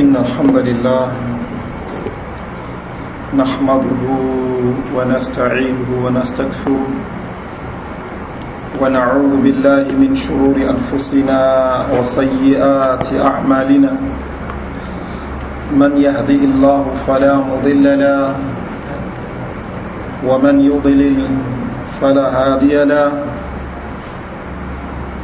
إن الحمد لله نحمده ونستعينه ونستكفره ونعوذ بالله من شرور أنفسنا وسيئات أعمالنا من يهدئ الله فلا مضل له ومن يضلل فلا هادي له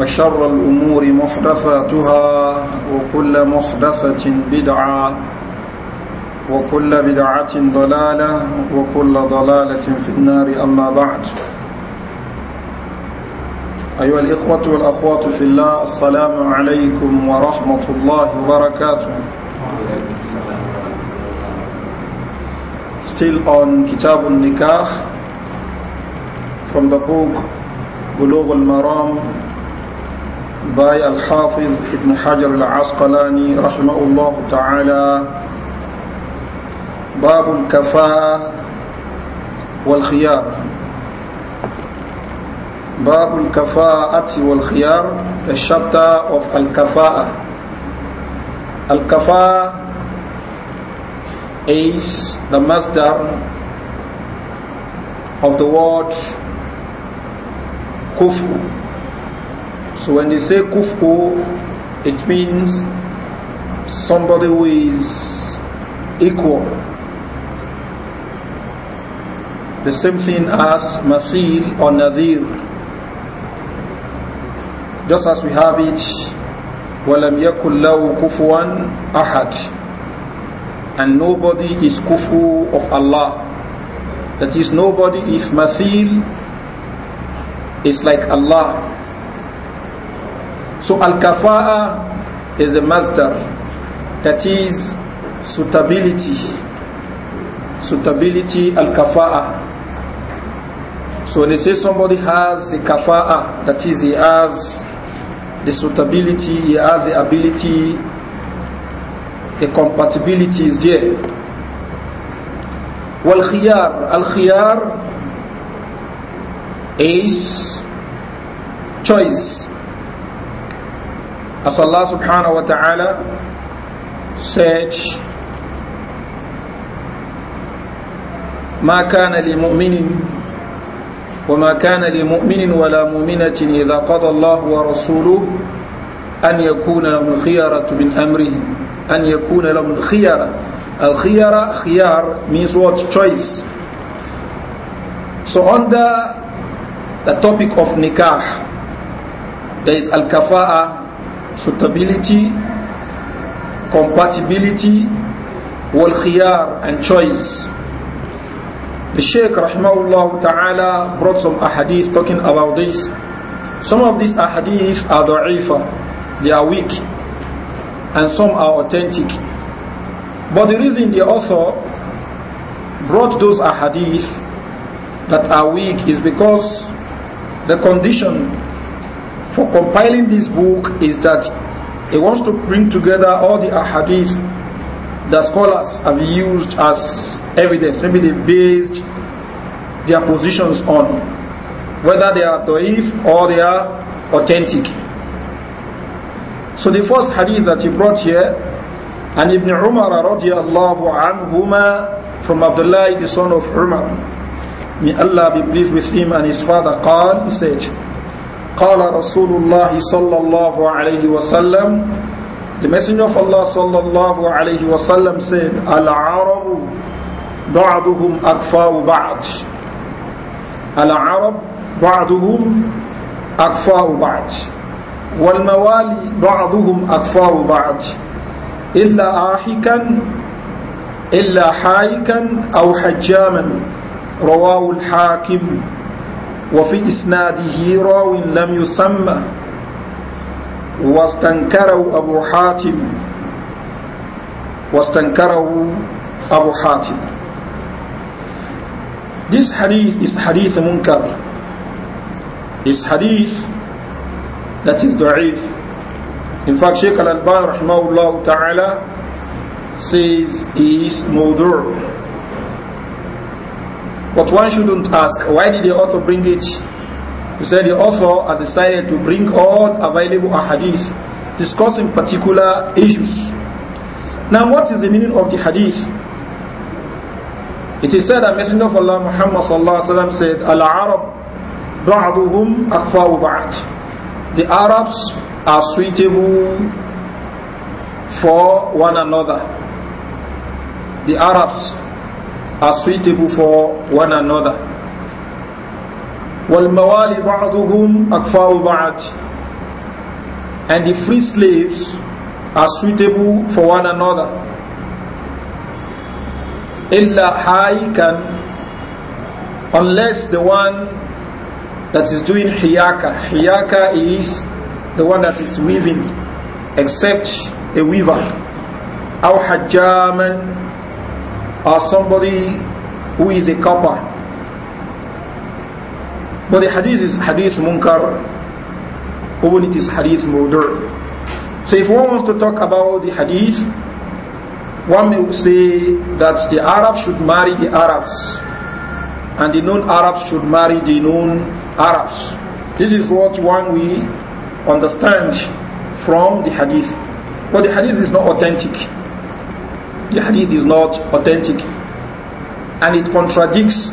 وشر الأمور محدثاتها وكل محدثة بدعة وكل بدعة ضلالة وكل ضلالة في النار أما بعد أيها الإخوة والأخوات في الله السلام عليكم ورحمة الله وبركاته Still on Kitab al-Nikah from the book Bulugh al-Maram باي الحافظ ابن حجر العسقلاني رحمه الله تعالى باب الكفاءة والخيار باب الكفاءة والخيار the chapter of الكفاءة الكفاءة is the master of the word kufu So when they say kufu, it means somebody who is equal. The same thing as mathil or nadir. Just as we have it, وَلَمْ yakul lahu kufuan أَحَدٍ And nobody is kufu of Allah. That is, nobody is mathil, is like Allah. So al-kafa'a is a master that is suitability. Suitability al-kafa'a. So when they say somebody has the kafa'a, that is he has the suitability, he has the ability, the compatibility is there. Wal-khiyar, al-khiyar is choice As Allah subhanahu wa ta'ala said, ما كان لمؤمن وما كان لمؤمن ولا مؤمنة إذا قضى الله ورسوله أن يكون لهم الخيارة من أمره أن يكون لهم الخيارة الخيارة خيار means what choice so under the topic of nikah there is al kafaah suitability, compatibility, wal and choice. The Shaykh rahimahullah ta'ala brought some ahadith talking about this. Some of these ahadith are da'ifa, they are weak, and some are authentic. But the reason the author brought those ahadith that are weak is because the condition for compiling this book is that he wants to bring together all the ahadith that scholars have used as evidence. Maybe they based their positions on, whether they are doif or they are authentic. So the first hadith that he brought here, and Ibn Umar radiallahu anhuma from Abdullah, the son of Umar, may Allah be pleased with him and his father, قال, he said, قال رسول الله صلى الله عليه وسلم the messenger of Allah صلى الله عليه وسلم said العرب بعضهم أكفاء بعض العرب بعضهم أكفاء بعض والموالي بعضهم أكفاء بعض إلا آحكا إلا حائكا أو حجاما رواه الحاكم وفي إسناده راو لم يسمى واستنكره أبو حاتم واستنكره أبو حاتم This hadith is hadith munkar This hadith that is da'if In fact Shaykh al-Albani rahmahullah ta'ala says he is mudur But one shouldn't ask, why did the author bring it? He said the author has decided to bring all available hadiths discussing particular issues. Now what is the meaning of the hadith? It is said that Messenger of Allah Muhammad said, "Al-Arab ba'duhum akfaw ba'd." The Arabs are suitable for one another. The Arabs are suitable for one another. وَالْمَوَالِ بَعْضُهُمْ أَكْفَاءُ بَعْضٍ And the free slaves are suitable for one another. إِلَّا حَائِكًا Unless the one that is doing hiyaka. Hiyaka is the one that is weaving, except a weaver. أَوْ حَجَّامًا or somebody who is a copper. But the hadith is hadith munkar, even it is hadith murder. So if one wants to talk about the hadith, one may say that the Arabs should marry the Arabs, and the non-Arabs should marry the non-Arabs. This is what one we understand from the hadith. But the hadith is not authentic the hadith is not authentic and it contradicts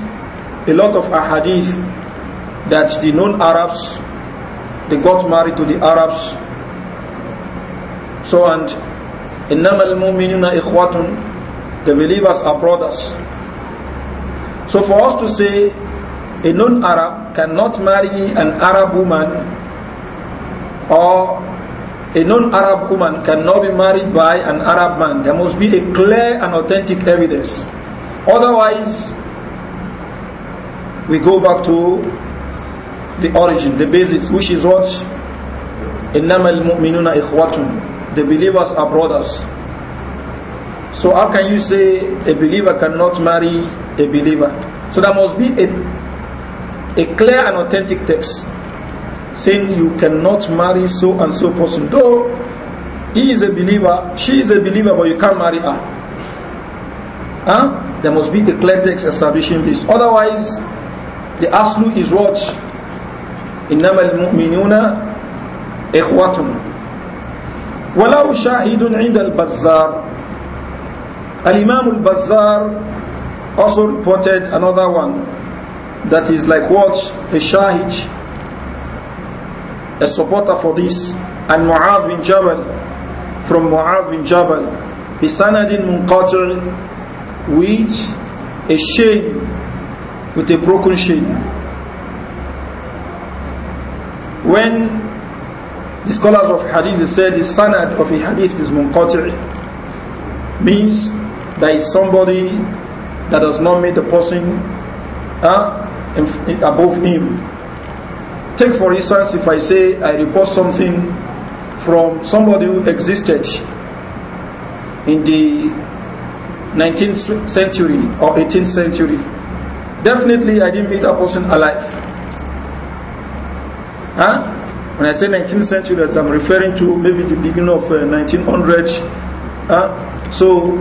a lot of ahadith that the known Arabs they got married to the Arabs so and إنما المؤمنون إخوة the believers are brothers so for us to say a non-Arab cannot marry an Arab woman or a non-Arab woman cannot be married by an Arab man. There must be a clear and authentic evidence. Otherwise, we go back to the origin, the basis, which is what? إِنَّمَا الْمُؤْمِنُونَ إِخْوَةٌ The believers are brothers. So how can you say a believer cannot marry a believer? So there must be a, a clear and authentic text saying you cannot marry so and so person. Though he is a believer, she is a believer, but you can't marry her. Huh? There must be the clear text establishing this. Otherwise, the aslu is what? إِنَّمَا الْمُؤْمِنُونَ إِخْوَةٌ ولو شاهد عند البزار الإمام البزار also reported another one that is like what a shahid a supporter for this and Mu'adh bin Jabal from Mu'adh bin Jabal بسند Munqatir, with a sheikh with a broken sheikh. when the scholars of hadith said the sanad of a hadith is Munqatir, means there is somebody that does not meet the person uh, above him Take for instance, if I say I report something from somebody who existed in the 19th century or 18th century, definitely I didn't meet that person alive. Huh? When I say 19th century, I'm referring to maybe the beginning of uh, 1900. Huh? So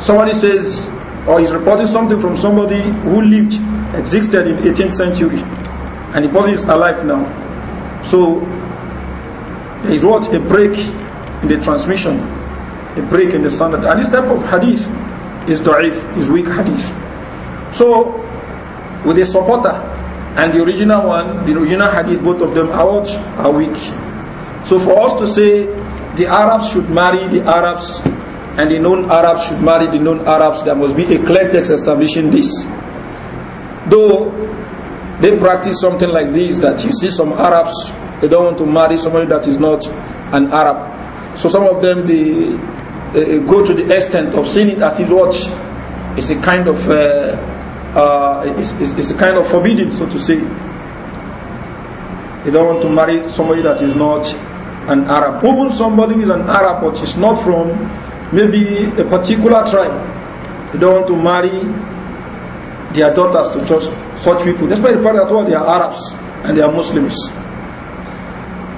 somebody says or is reporting something from somebody who lived, existed in 18th century and the person is alive now. So there is what? A break in the transmission, a break in the standard. And this type of hadith is da'if, is weak hadith. So with the supporter and the original one, the original hadith, both of them are, are weak. So for us to say the Arabs should marry the Arabs and the non-Arabs should marry the non-Arabs, there must be a clear text establishing this. Though they practice something like this that you see some Arabs, they don't want to marry somebody that is not an Arab. So some of them, they, they go to the extent of seeing it as if what is a kind of, uh, uh, it's, it's, it's a kind of forbidden, so to say. They don't want to marry somebody that is not an Arab. Even somebody who is an Arab but is not from maybe a particular tribe. They don't want to marry their daughters to church. such people, despite the fact that all they are Arabs and they are Muslims.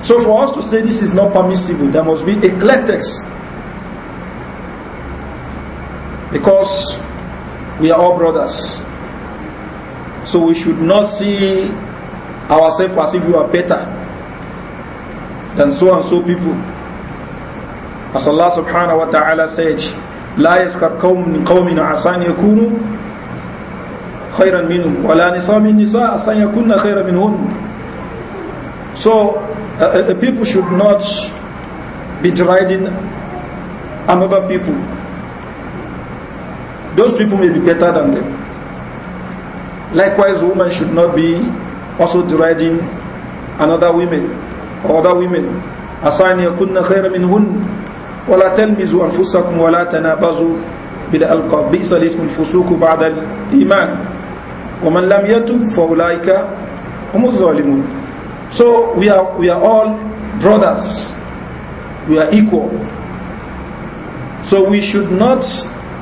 So for us to say this is not permissible, there must be eclectics. Because we are all brothers. So we should not see ourselves as if we are better than so and so people. As Allah subhanahu wa ta'ala said, لا يسخر قوم قوم عسى أن يكونوا خيرا منهم ولا نساء من نساء سيكون خيرا منهن so uh, uh, people should not be deriding another people those people may be better than them likewise women should not be also deriding another women or other women عسى أن يكون خيرا منهن ولا تلمزوا أنفسكم ولا تنابزوا بالألقاب بئس الاسم الفسوق بعد الإيمان wa man lam yatub fa ulaika so we are we are all brothers we are equal so we should not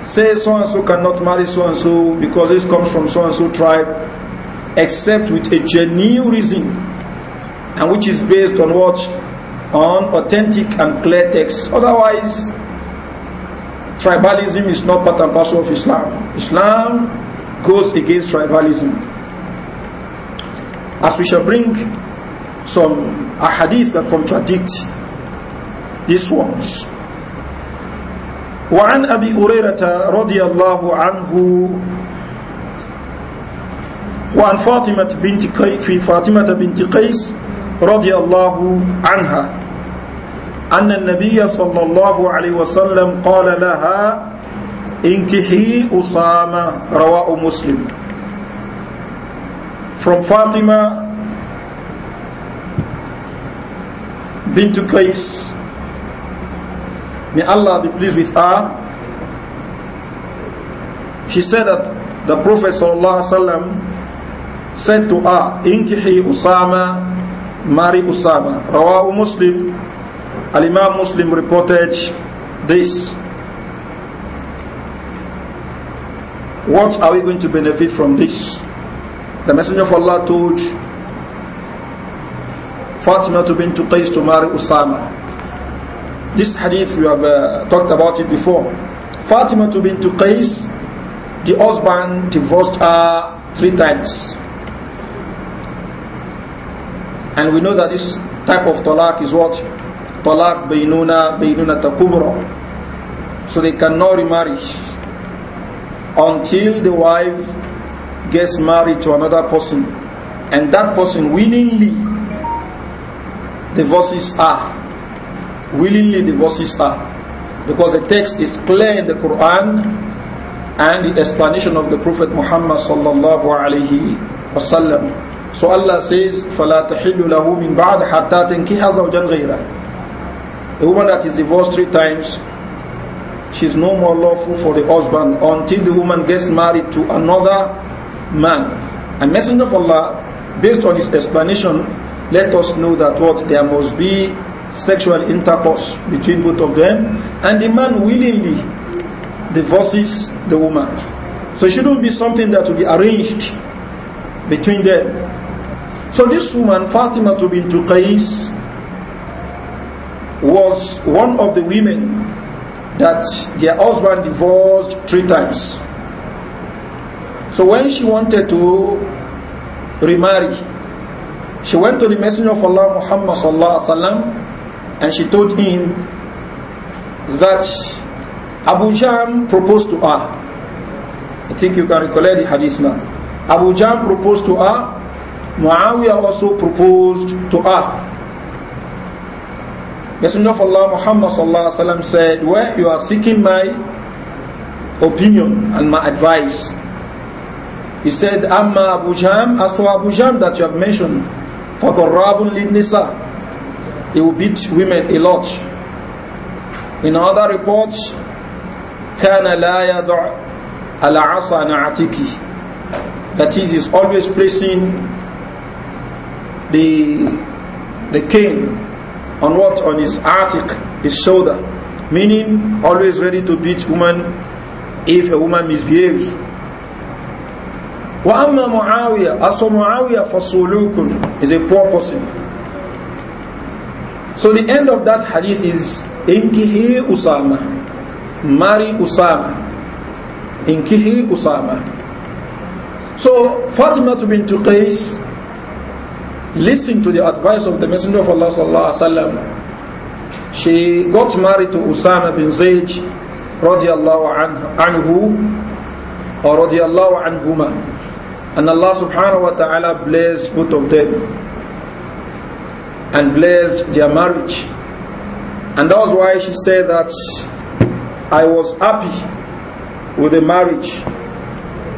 say so and so cannot marry so and so because this comes from so and so tribe except with a genuine reason and which is based on what on authentic and clear text. otherwise tribalism is not part and parcel of islam islam goes against tribalism. As we shall bring some ahadith that contradict these ones. وعن أبي هريرة رضي الله عنه وعن فاطمة بنت في فاطمة بنت قيس رضي الله عنها أن النبي صلى الله عليه وسلم قال لها Inkihi Usama Rawa'u Muslim From Fatima bint Qais May Allah be pleased with her She said that the Prophet ﷺ said to her Inkihi Usama Marry Usama Rawa'u Muslim Alimah Muslim reported this What are we going to benefit from this? The Messenger of Allah told Fatima to bint Qais to marry Usama. This hadith, we have uh, talked about it before. Fatima to bint Qais, the husband divorced her three times. And we know that this type of talaq is what? Talaq bainuna bainuna takubra. So they cannot remarry until the wife gets married to another person and that person willingly divorces her. Willingly divorces her. Because the text is clear in the Quran and the explanation of the Prophet Muhammad sallallahu alayhi wasallam. So Allah says, فَلَا تَحِلُّ لَهُ مِنْ بَعْدِ حَتَّى تَنْكِحَ زَوْجًا غَيْرًا The woman that is divorced three times she's no more lawful for the husband until the woman gets married to another man. A messenger of Allah, based on his explanation, let us know that what there must be sexual intercourse between both of them, and the man willingly divorces the woman. So it shouldn't be something that will be arranged between them. So this woman, Fatima bint Qais, was one of the women that their husband divorced three times. So when she wanted to remarry, she went to the Messenger of Allah Muhammad sallallahu and she told him that Abu Jam proposed to her. I think you can recollect the hadith now. Abu Jam proposed to her. Muawiyah also proposed to her. Messenger of Allah Muhammad sallallahu alaihi wasallam said, "Where you are seeking my opinion and my advice." He said, "Amma Abu Jam, as for Abu Jam that you have mentioned, for Qarabun Lidnisa, he will beat women a lot." In other reports, كان لا يدع على عصا نعتكي that he is always placing the the cane on what? On his artic, his shoulder. Meaning, always ready to beat woman if a woman misbehaves. وَأَمَّا مُعَاوِيَةً As for Muawiyah, فَصُولُوكٌ is a poor person. So the end of that hadith is, إِنْكِهِ Usama Marry Usama Inkihi Usama. So Fatima bint Qais listened to the advice of the Messenger of Allah sallallahu alaihi wasallam. She got married to Usama bin Zayd radiallahu anhu or radiallahu anhuma. And Allah subhanahu wa ta'ala blessed both of them and blessed their marriage. And that's why she said that I was happy with the marriage.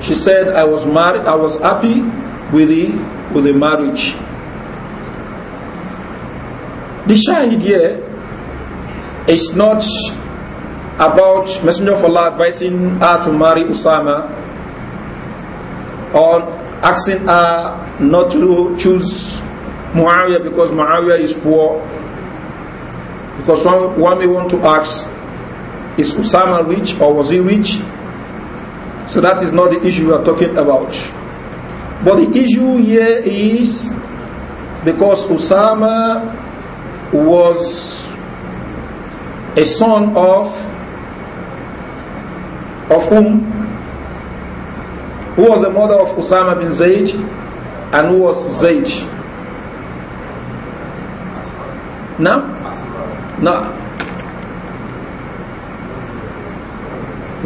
She said I was married I was happy with the with the marriage. The shahid here is not about Messenger of Allah advising her to marry Usama or asking her not to choose Muawiyah because Muawiyah is poor. Because one, one may want to ask, is Usama rich or was he rich? So that is not the issue we are talking about. But the issue here is because Usama was a son of of whom who was the mother of Osama bin Zayd and who was Zayd no no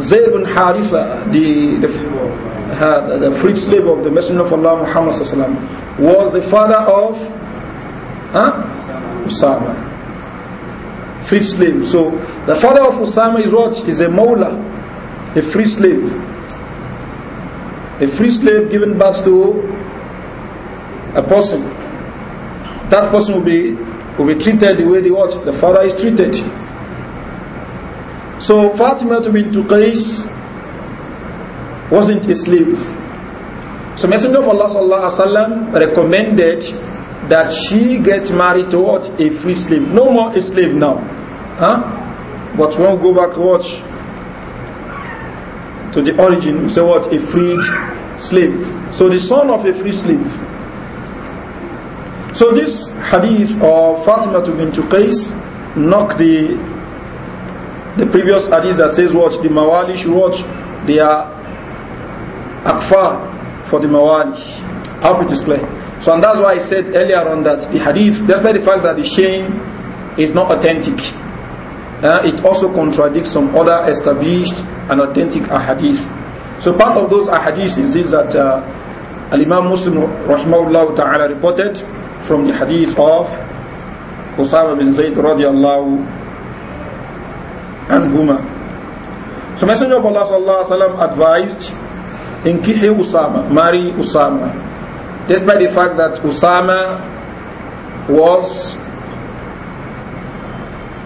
Zayd bin Haritha the the the freed slave of the Messenger of Allah Muhammad was the father of huh? Usama. Free slave. So the father of Usama is what? Is a Mawla, a free slave. A free slave given birth to a person. That person will be will be treated the way the what? The father is treated. So Fatima bint Qais wasn't a slave. So Messenger of Allah sallallahu alaihi wasallam recommended that she gets married to what? A free slave. No more a slave now. Huh? But when we go back to what? To the origin, we say what? A freed slave. So the son of a free slave. So this hadith of Fatima bint Qais knocked the the previous hadith that says what the mawali should watch they are akfar for the mawali. How it is played. So and that's why I said earlier on that the hadith, despite the fact that the chain is not authentic, uh, it also contradicts some other established and authentic ahadith. So part of those ahadith is this that uh, Al-Imam Muslim rahimahullah ta'ala reported from the hadith of Usama bin Zayd radiallahu anhuma. So Messenger of Allah sallallahu alaihi wasallam advised, Inkihi Usama, marry Usama despite the fact that Usama was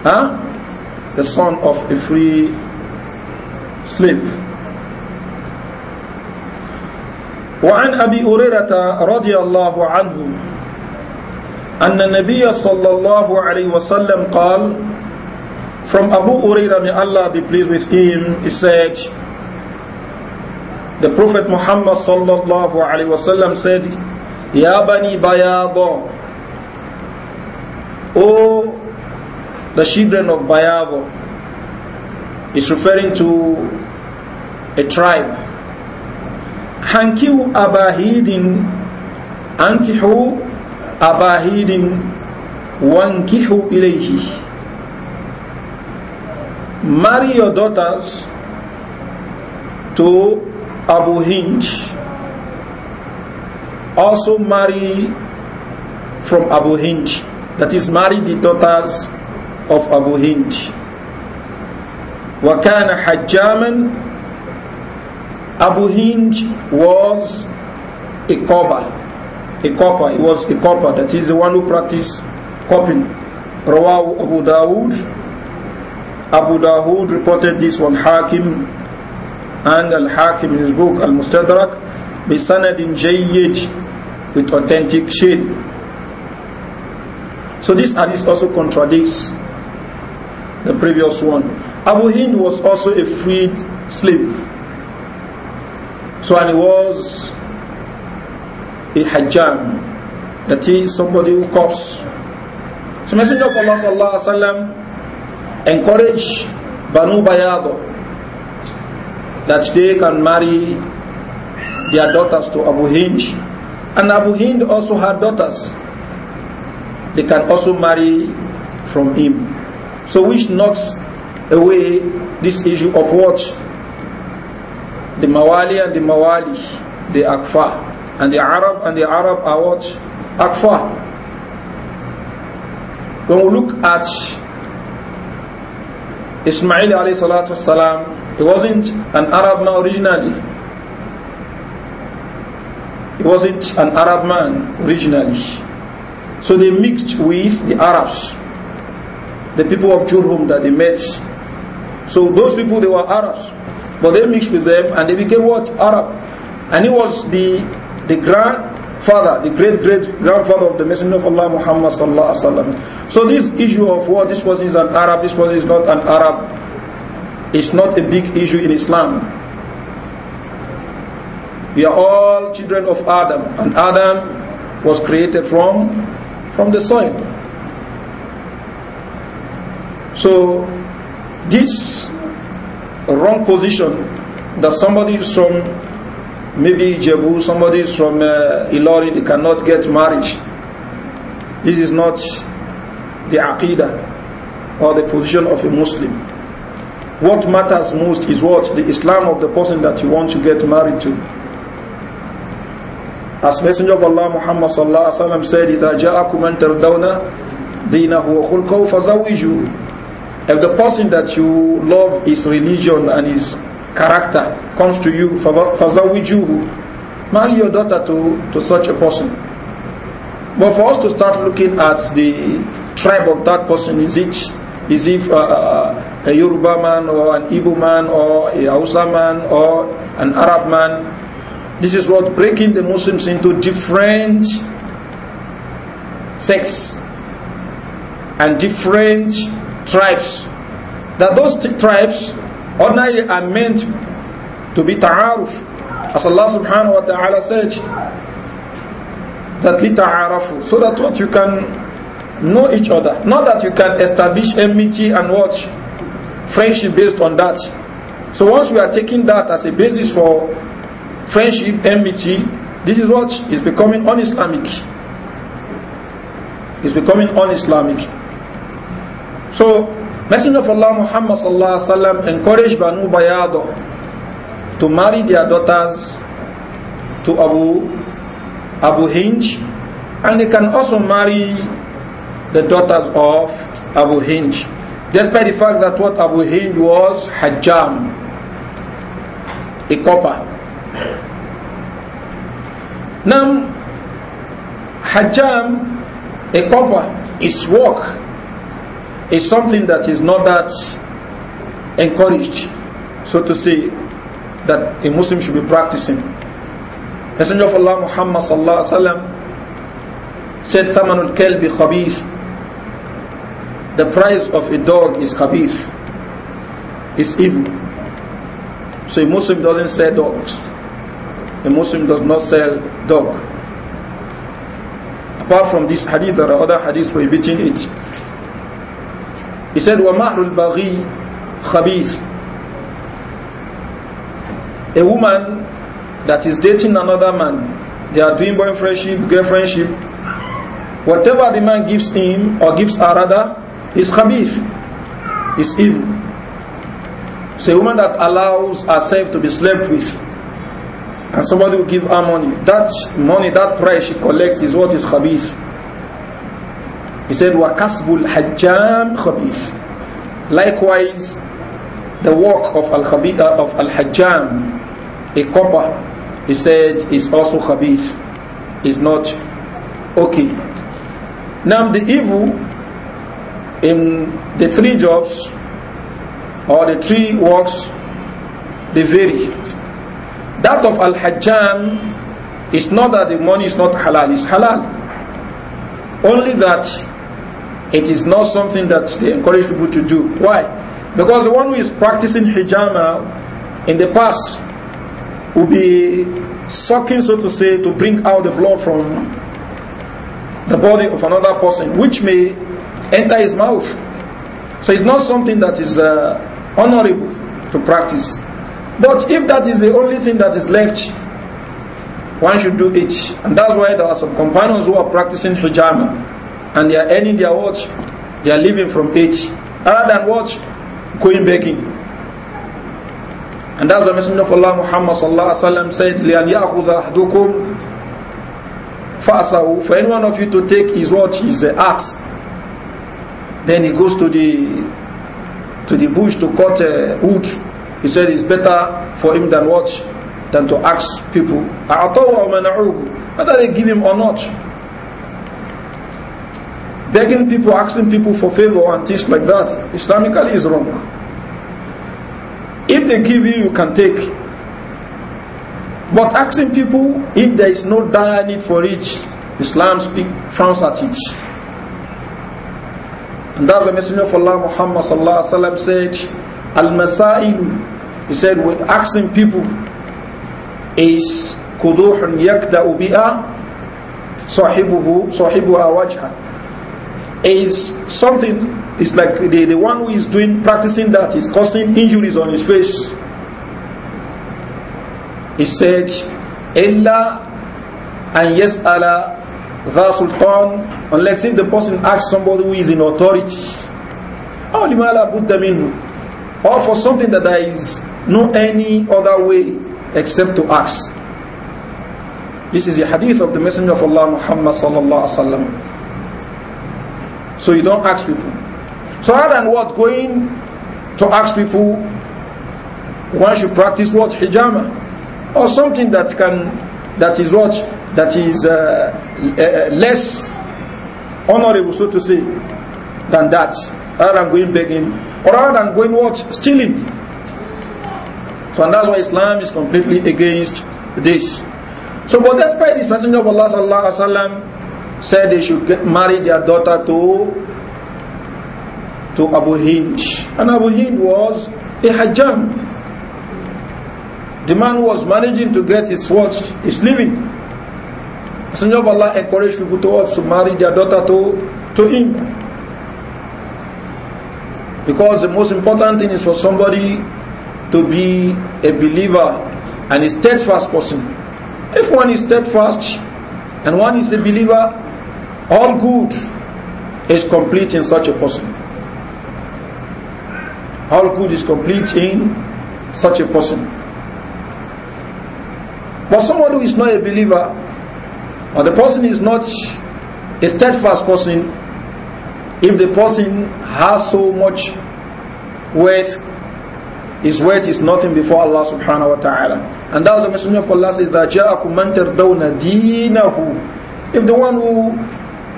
huh, the son of a free slave. وعن أبي هريرة رضي الله عنه أن النبي صلى الله عليه وسلم قال From Abu Huraira may Allah be pleased with him, he said, The Prophet Muhammad sallallahu alayhi عليه وسلم said, Ya Bani Bayaba. Oh, the children of Bayaba. is referring to a tribe. Hankihu abahidin. ankihu abahidin. Wankihu ilehi. Marry your daughters to Abu Hind also marry from Abu Hind. That is, marry the daughters of Abu Hind. وَكَانَ حَجَّامًا Abu Hind was a copper. A copper. He was a copper. That is the one who practiced copying. Rawahu Abu Dawud. Abu Dawood reported this on Hakim and Al-Hakim in his book Al-Mustadrak بسند جيد with authentic shade. So this hadith also contradicts the previous one. Abu Hind was also a freed slave. So and he was a hajjam, that is somebody who calls. So Messenger of Allah sallallahu alaihi wasallam encouraged Banu Bayado that they can marry their daughters to Abu Hind and Abu Hind also had daughters. They can also marry from him. So which knocks away this issue of what? The Mawali and the Mawali, the Akfa, and the Arab and the Arab are what? Akfa. When we look at Ismail alayhi salatu salam, he wasn't an Arab now originally. He wasn't an Arab man originally. So they mixed with the Arabs, the people of Jurhum that they met. So those people, they were Arabs. But they mixed with them and they became what? Arab. And he was the, the grandfather, the great great grandfather of the Messenger of Allah Muhammad. So this issue of what this person is an Arab, this person is not an Arab, is not a big issue in Islam. We are all children of Adam, and Adam was created from, from the soil. So, this wrong position that somebody is from maybe Jebu, somebody is from uh, Ilori, they cannot get married. This is not the Aqidah or the position of a Muslim. What matters most is what? The Islam of the person that you want to get married to. As Messenger of Allah Muhammad sallallahu alaihi wasallam said, If the person that you love, his religion and his character comes to you, فَزَوِّجُوهُ Marry your daughter to, to such a person. But for us to start looking at the tribe of that person, is it is if uh, uh, a Yoruba man or an Igbo man or a Hausa man or an Arab man this is what breaking the Muslims into different sects and different tribes. That those tribes ordinarily are meant to be ta'aruf. As Allah subhanahu wa ta'ala said, that lita'arafu. So that what you can know each other. Not that you can establish enmity and what? Friendship based on that. So once we are taking that as a basis for friendship, enmity, this is what is becoming un-Islamic. It's becoming un-Islamic. So, Messenger of Allah Muhammad sallallahu alaihi wasallam encouraged Banu Bayado to marry their daughters to Abu Abu Hinj, and they can also marry the daughters of Abu Hinj, despite the fact that what Abu Hinj was Hajjam, a copper. Now, hajam, a cover, is work, is something that is not that encouraged, so to say, that a Muslim should be practicing. Messenger of Allah Muhammad sallallahu alaihi said, "Thamanul kelbi khabith." The price of a dog is khabith, is evil. So a Muslim doesn't sell dogs. A Muslim does not sell dog. Apart from this hadith, there are other hadiths prohibiting it. He said, وَمَهْرُ الْبَغِي خَبِيث A woman that is dating another man, they are doing boyfriendship, girlfriendship, whatever the man gives him, or gives her other, is khabith, is evil. So a woman that allows herself to be slept with, and somebody will give her money. That money, that price she collects is what is khabith. He said, وَكَسْبُ الْحَجَّامِ khabith. Likewise, the work of al-khabith, uh, of al-hajjam, a copper, he said, is also khabith, is not okay. Now the evil in the three jobs or the three works, they vary. That of Al Hajjam is not that the money is not halal, it's halal. Only that it is not something that they encourage people to do. Why? Because the one who is practicing hijama in the past will be sucking, so to say, to bring out the blood from the body of another person, which may enter his mouth. So it's not something that is uh, honorable to practice. But if that is the only thing that is left, one should do it. And that's why there are some companions who are practicing hijama and they are earning their watch, they are living from it, rather than watch going begging. And that's the Messenger of Allah Muhammad sallallahu alaihi wasallam said, لِأَنْ يَأْخُذَ أَحْدُكُمْ For any one of you to take his watch, his uh, axe, then he goes to the to the bush to cut uh, wood he said it's better for him than what? Than to ask people, whether they give him or not. Begging people, asking people for favor and things like that, Islamically is wrong. If they give you, you can take. But asking people if there is no dire need for it, Islam speak, France at it. And that the Messenger of Allah Muhammad said, Al-Masail, he said, with asking people is kuduhun yakda'u ubia, sahibuhu, sahibu wajha. Is something, is like the, the one who is doing, practicing that is causing injuries on his face. He said, illa an yas'ala the sultan unless if the person asks somebody who is in authority أو لما لا بد منه or for something that there is no any other way except to ask. This is the hadith of the Messenger of Allah Muhammad sallallahu alaihi wasallam. So you don't ask people. So rather than what going to ask people, one should practice what hijama or something that can that is what that is uh, uh, less honorable, so to say, than that. Rather than going begging rather than going what? Stealing. So and that's why Islam is completely against this. So but despite this Messenger of Allah sallallahu alaihi wasallam said they should get, marry their daughter to to Abu Hind. And Abu Hind was a hajjam. The man who was managing to get his what his living. Messenger of Allah encouraged people to, to marry their daughter to, to him. Because the most important thing is for somebody to be a believer and a steadfast person. If one is steadfast and one is a believer, all good is complete in such a person. All good is complete in such a person. But someone who is not a believer, or the person is not a steadfast person, if the person has so much wealth, his wealth is nothing before Allah subhanahu wa ta'ala. And that's the Messenger of Allah says, that جَاءَكُمْ مَنْ تَرْضَوْنَ دِينَهُ If the one who,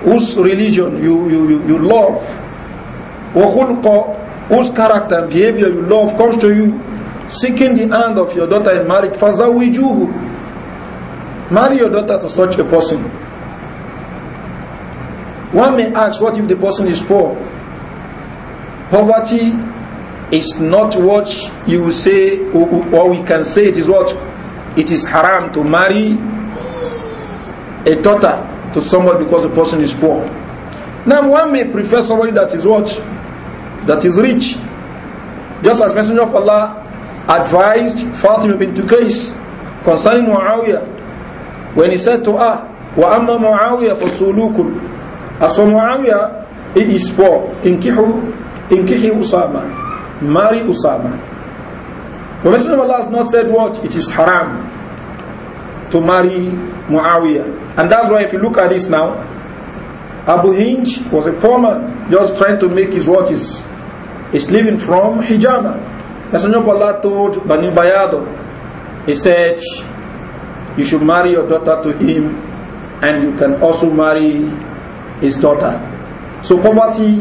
whose religion you, you, you, you love, وَخُلْقَ whose character and behavior you love comes to you, seeking the hand of your daughter in marriage, فَزَوِّجُوهُ Marry your daughter to such a person. One may ask, what if the person is poor? Poverty is not what you say, or, we can say it is what? It is haram to marry a daughter to someone because the person is poor. Now, one may prefer somebody that is what? That is rich. Just as Messenger of Allah advised Fatima bint Qais concerning Muawiyah when he said to her, وَأَمَّا مُعَاوِيَةَ فَسُولُوكُمْ As for Muawiyah, he is poor. in inkihi Usama. Marry Usama. The Messenger of Allah has not said what? It is haram to marry Muawiyah. And that's why if you look at this now, Abu Hinj was a poor man just trying to make his what is is living from Hijama. Messenger of Allah told Bani Bayado, he said, you should marry your daughter to him and you can also marry his daughter. So poverty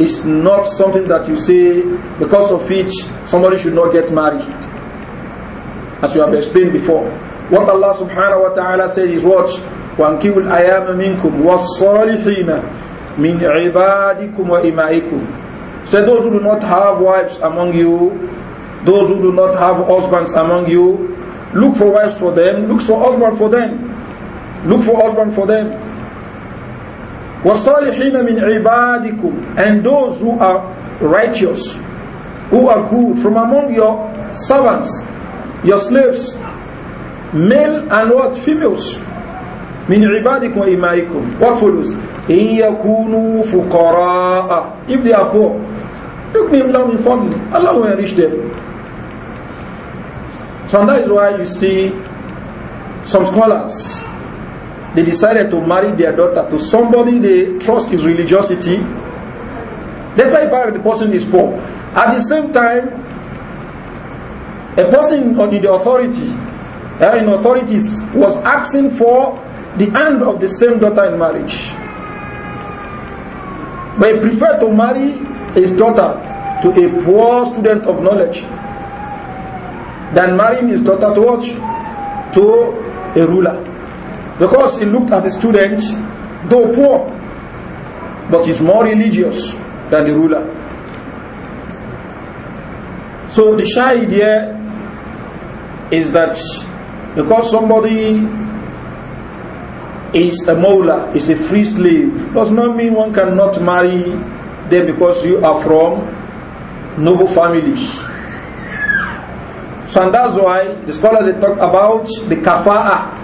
is not something that you say because of which somebody should not get married. As we have explained before. What Allah subhanahu wa ta'ala said is what? وَأَنْكِهُ الْأَيَامَ مِنْكُمْ وَالصَّالِحِينَ مِنْ عِبَادِكُمْ وَإِمَائِكُمْ Say those who do not have wives among you, those who do not have husbands among you, look for wives for them, look for husbands for them, look for husbands for them. وَصَالِحِينَ مِنْ عِبَادِكُمْ And those who are righteous, who are good from among your servants, your slaves, male and what? Females. مِنْ عِبَادِكُمْ وَإِمَائِكُمْ What follows? إِنْ يَكُونُوا فُقَرَاءَ If they are poor, look me down informally. Allah will enrich them. So that is why you see some scholars they decided to marry their daughter to somebody they trust is religiosity, despite the fact the person is poor. At the same time, a person on the authority, uh, in authorities, was asking for the hand of the same daughter in marriage. But he preferred to marry his daughter to a poor student of knowledge than marrying his daughter to To a ruler. Because he looked at the students, though poor, but he's more religious than the ruler. So the shy idea is that because somebody is a mawla, is a free slave, does not mean one cannot marry them because you are from noble families. So and that's why the scholars they talk about the kafa'a,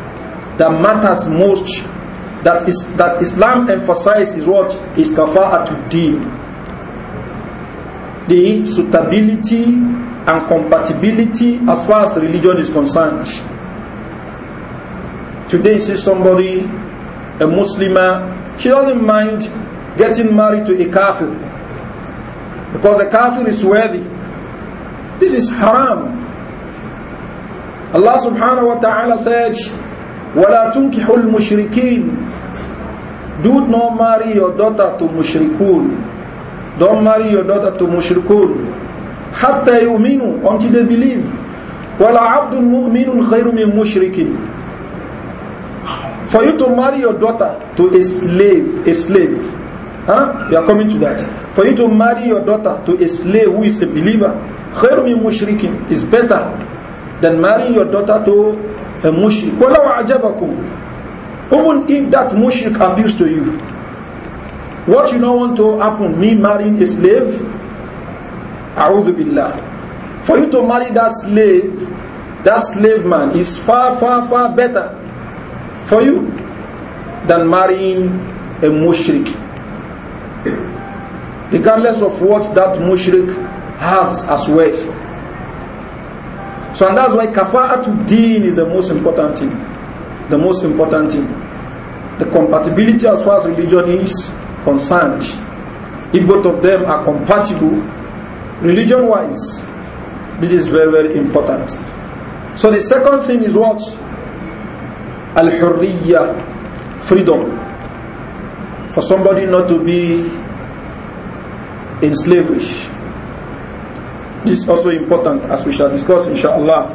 that matters most that is that Islam emphasizes is what is to deen the suitability and compatibility as far as religion is concerned today you see somebody a Muslimah she doesn't mind getting married to a kafir because the kafir is worthy this is haram Allah subhanahu wa ta'ala said ولا tunkihul mushrikeen. Do not marry your daughter to mushrikun. Don't marry your daughter to mushrikun. Hatta yu'minu, until they believe. Wala abdun mu'minun khayru min mushrikin. For you to marry your daughter to a slave, a slave. Huh? We are coming to that. For you to marry your daughter to a slave who is a believer, خير من mushrikin is better than marrying your daughter to a mushrik walaw ajabakum even if that mushrik appeals to you what you don't want to happen me marrying a slave a'udhu billah for you to marry that slave that slave man is far far far better for you than marrying a mushrik regardless of what that mushrik has as wealth So and that's why kafa'atu deen is the most important thing. The most important thing. The compatibility as far as religion is concerned. If both of them are compatible, religion-wise, this is very, very important. So the second thing is what? Al-hurriya, freedom. For somebody not to be enslaved. This is also important as we shall discuss insha'Allah.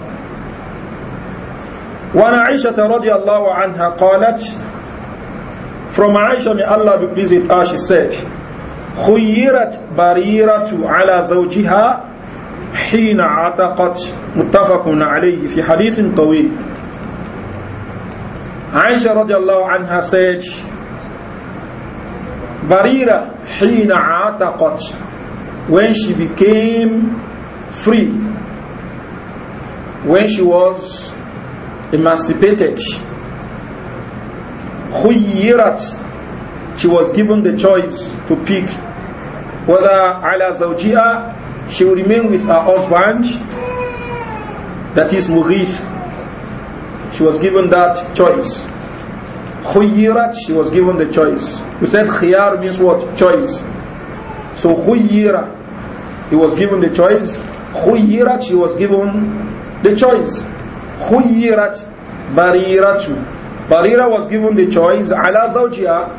وعن عائشة رضي الله عنها قالت From Aisha may Allah be pleased with her she said خيرت بريرة على زوجها حين عتقت متفق عليه في حديث طويل Aisha رضي الله عنها said "بريرة حين عتقت when she became free when she was emancipated خيرت she was given the choice to pick whether على زوجها she will remain with her husband that is مغيث she was given that choice خيرت she was given the choice we said خيار means what choice so خيرة he was given the choice Khuyirat, she was given the choice. Khuyirat Bariratu. Barira was given the choice, ala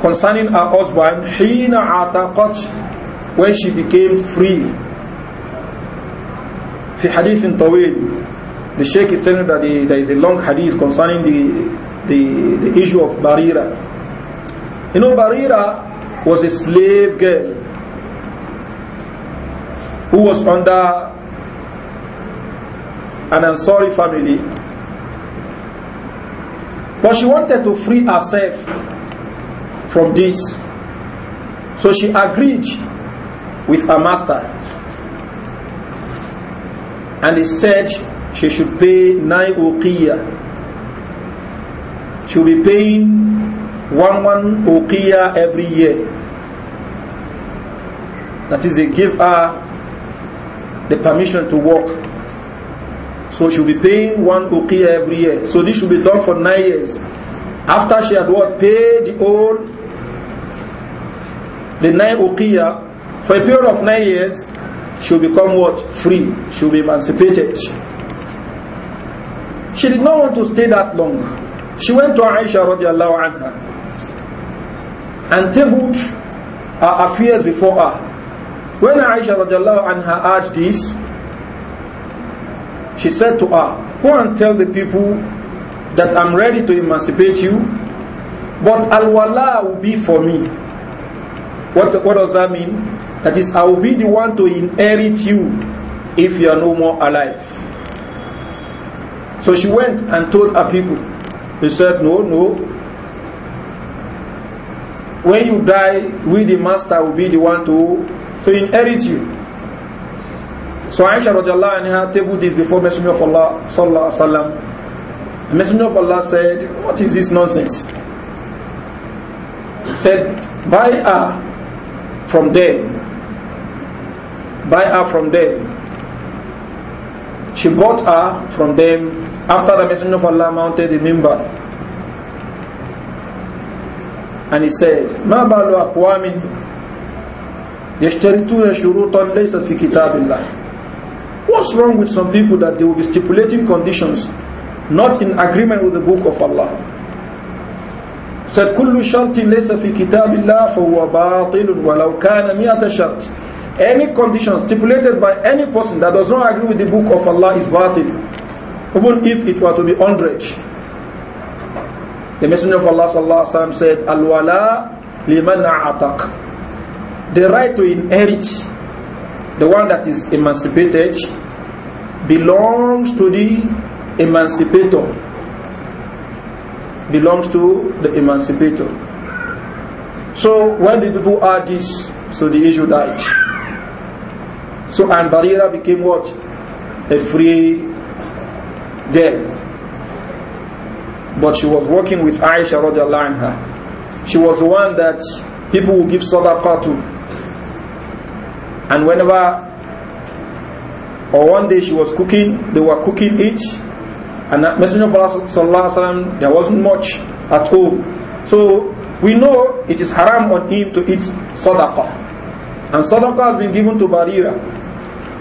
concerning her husband, hina ataqat, when she became free. في حديث طويل the sheikh is telling that there is a long hadith concerning the, the, the issue of Barira you know Barira was a slave girl who was under an Ansari family. But she wanted to free herself from this. So she agreed with her master. And he said she should pay nine uqiyah. She will be paying one one uqiyah every year. That is, they give her the permission to work. So she'll be paying one uqiyah every year. So this should be done for nine years. After she had what? Paid the old, the nine uqiyah, for a period of nine years, she'll become what? Free. She'll be emancipated. She did not want to stay that long. She went to Aisha radiallahu anha and tabled her affairs before her. When Aisha radiallahu anha asked this, she said to her, Go and tell the people that I'm ready to emancipate you, but al-wala will be for me. What, what does that mean? That is, I will be the one to inherit you if you are no more alive. So she went and told her people. They said, No, no. When you die, we, the master, will be the one to to inherit you. So Aisha radiallahu anha tabled this before Messenger of Allah sallallahu alaihi wasallam. The Messenger of Allah said, "What is this nonsense?" He said, "Buy her from them. Buy her from them." She bought her from them after the Messenger of Allah mounted the mimbar. And he said, "Ma balu aqwamin يشترطون شروطا ليست في كتاب الله What's wrong with some people that they will be stipulating conditions not in agreement with the book of Allah? Said كل شرط ليس في كتاب الله فهو باطل ولو كان مئة شرط Any condition stipulated by any person that does not agree with the book of Allah is batil even if it were to be hundred. The Messenger of Allah sallallahu alaihi wasallam said al لمن أعطاك." the right to inherit, the one that is emancipated, belongs to the emancipator. Belongs to the emancipator. So when the people add this, so the issue died. So and Barira became what? A free girl. But she was working with Aisha radiallahu anha. She was the one that people would give sadaqah to and whenever or one day she was cooking, they were cooking it, and that Messenger of Allah sallallahu alaihi wasallam there wasn't much at all. So we know it is haram on him to eat sadaqah, and sadaqah has been given to Barira.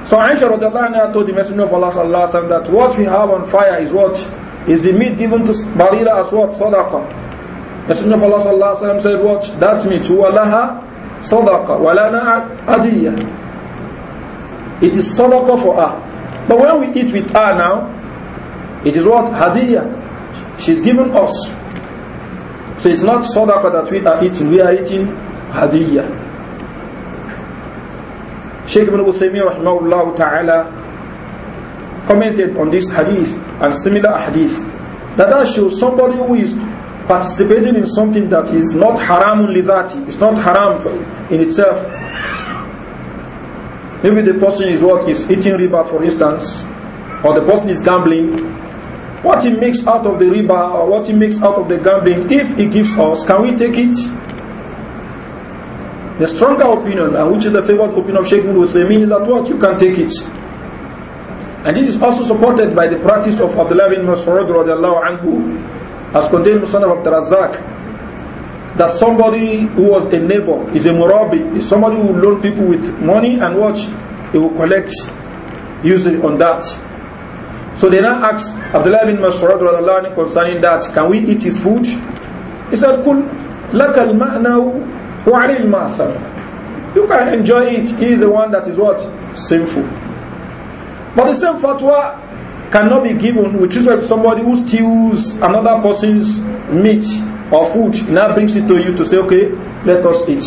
So Aisha Allah told the Messenger of Allah sallallahu alaihi wasallam that what we have on fire is what is the meat given to Barira as what sadaqah. Messenger of Allah sallallahu alaihi wasallam said what that meat huwa laha sadaqah, walana hadiyah. It is sadaqah for her. But when we eat with her now, it is what? Hadiyah. She's given us. So it's not sadaqah that we are eating, we are eating hadiyah. Sheikh ibn Uthaymeen rahimahullah ta'ala commented on this hadith and similar hadith that that shows somebody who is participating in something that is not haram only that it's not haram in itself maybe the person is what is eating riba for instance or the person is gambling what he makes out of the riba or what he makes out of the gambling if he gives us can we take it the stronger opinion and which is the favored opinion of Sheikh Ibn Uthaymeen is that what you can take it and this is also supported by the practice of Abdullah bin Mas'ud radiallahu anhu as contained in son of Abdurazak, that somebody who was a neighbor is a murabi, is somebody who loan people with money and watch, he will collect usually on that. So they now asked Abdullah bin Mas'ud concerning that, can we eat his food? He said, Kul lakal ma'naw wa ma'asar. You can enjoy it. He is the one that is what? Sinful. But the same fatwa cannot be given with respect to somebody who steals another person's meat or food now brings it to you to say, okay, let us eat.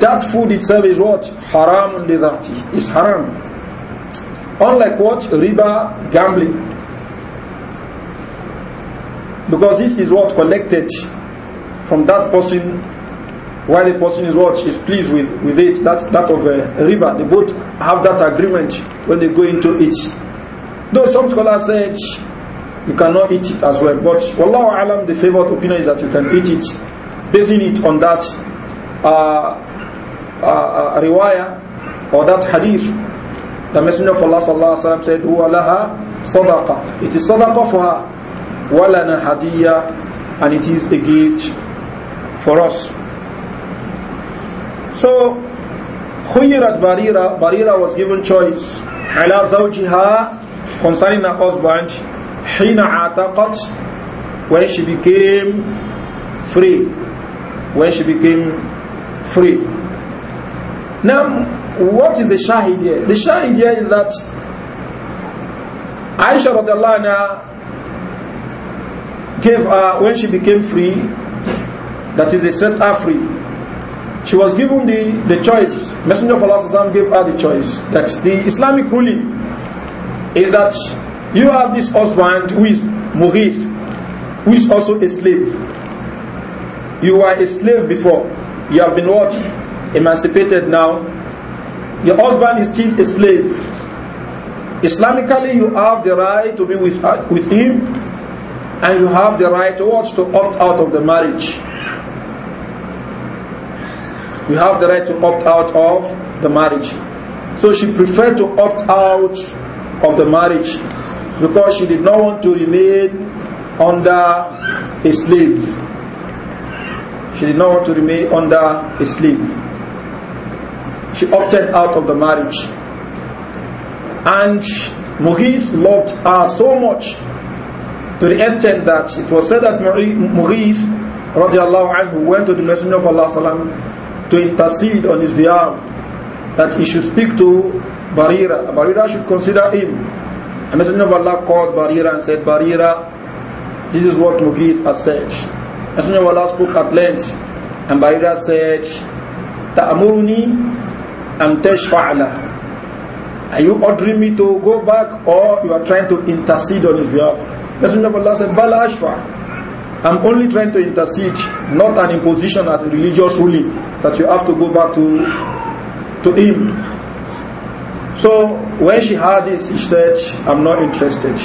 That food itself is what? Haram lizati. is haram. Unlike what? Riba, gambling. Because this is what collected from that person while the person is what is pleased with, with it, that, that of a uh, riba. They both have that agreement when they go into it. Though some scholars said you cannot eat it as well, but Wallahu Alam, the favored opinion is that you can eat it, basing it on that uh, uh, uh riwayah or that hadith. The Messenger of Allah sallallahu alaihi wasallam said, "Huwa laha sadaqa." It is sadaqa for her, walana hadiya, and it is a gift for us. So, Khuyrat Barira, Barira was given choice. على زوجها concerning the husband, Hina ataqat, when she became free. When she became free. Now, what is the shahid here? The shahid here is that Aisha radiallahu anha gave her, when she became free, that is, they set her free she was given the, the choice. Messenger of Allah gave her the choice. that the Islamic ruling. is that you have this husband who is Mughith, who is also a slave. You were a slave before. You have been what? Emancipated now. Your husband is still a slave. Islamically, you have the right to be with, uh, with him and you have the right to watch to opt out of the marriage. You have the right to opt out of the marriage. So she preferred to opt out of the marriage because she did not want to remain under a slave. She did not want to remain under a slave. She opted out of the marriage. And Mughis loved her so much to the extent that it was said that Mughis went to the Messenger of Allah to intercede on his behalf that he should speak to Barira. Barira should consider him. A messenger of Allah called Barira and said, Barira, this is what Mughith has said. A messenger of Allah spoke at length, and Barira said, Ta'amuruni am tashfa'ala. Are you ordering me to go back or you are trying to intercede on his behalf? Messenger of Allah said, Bala ashfa. I'm only trying to intercede, not an imposition as a religious ruling that you have to go back to to him. So when she heard this, she said, I'm not interested.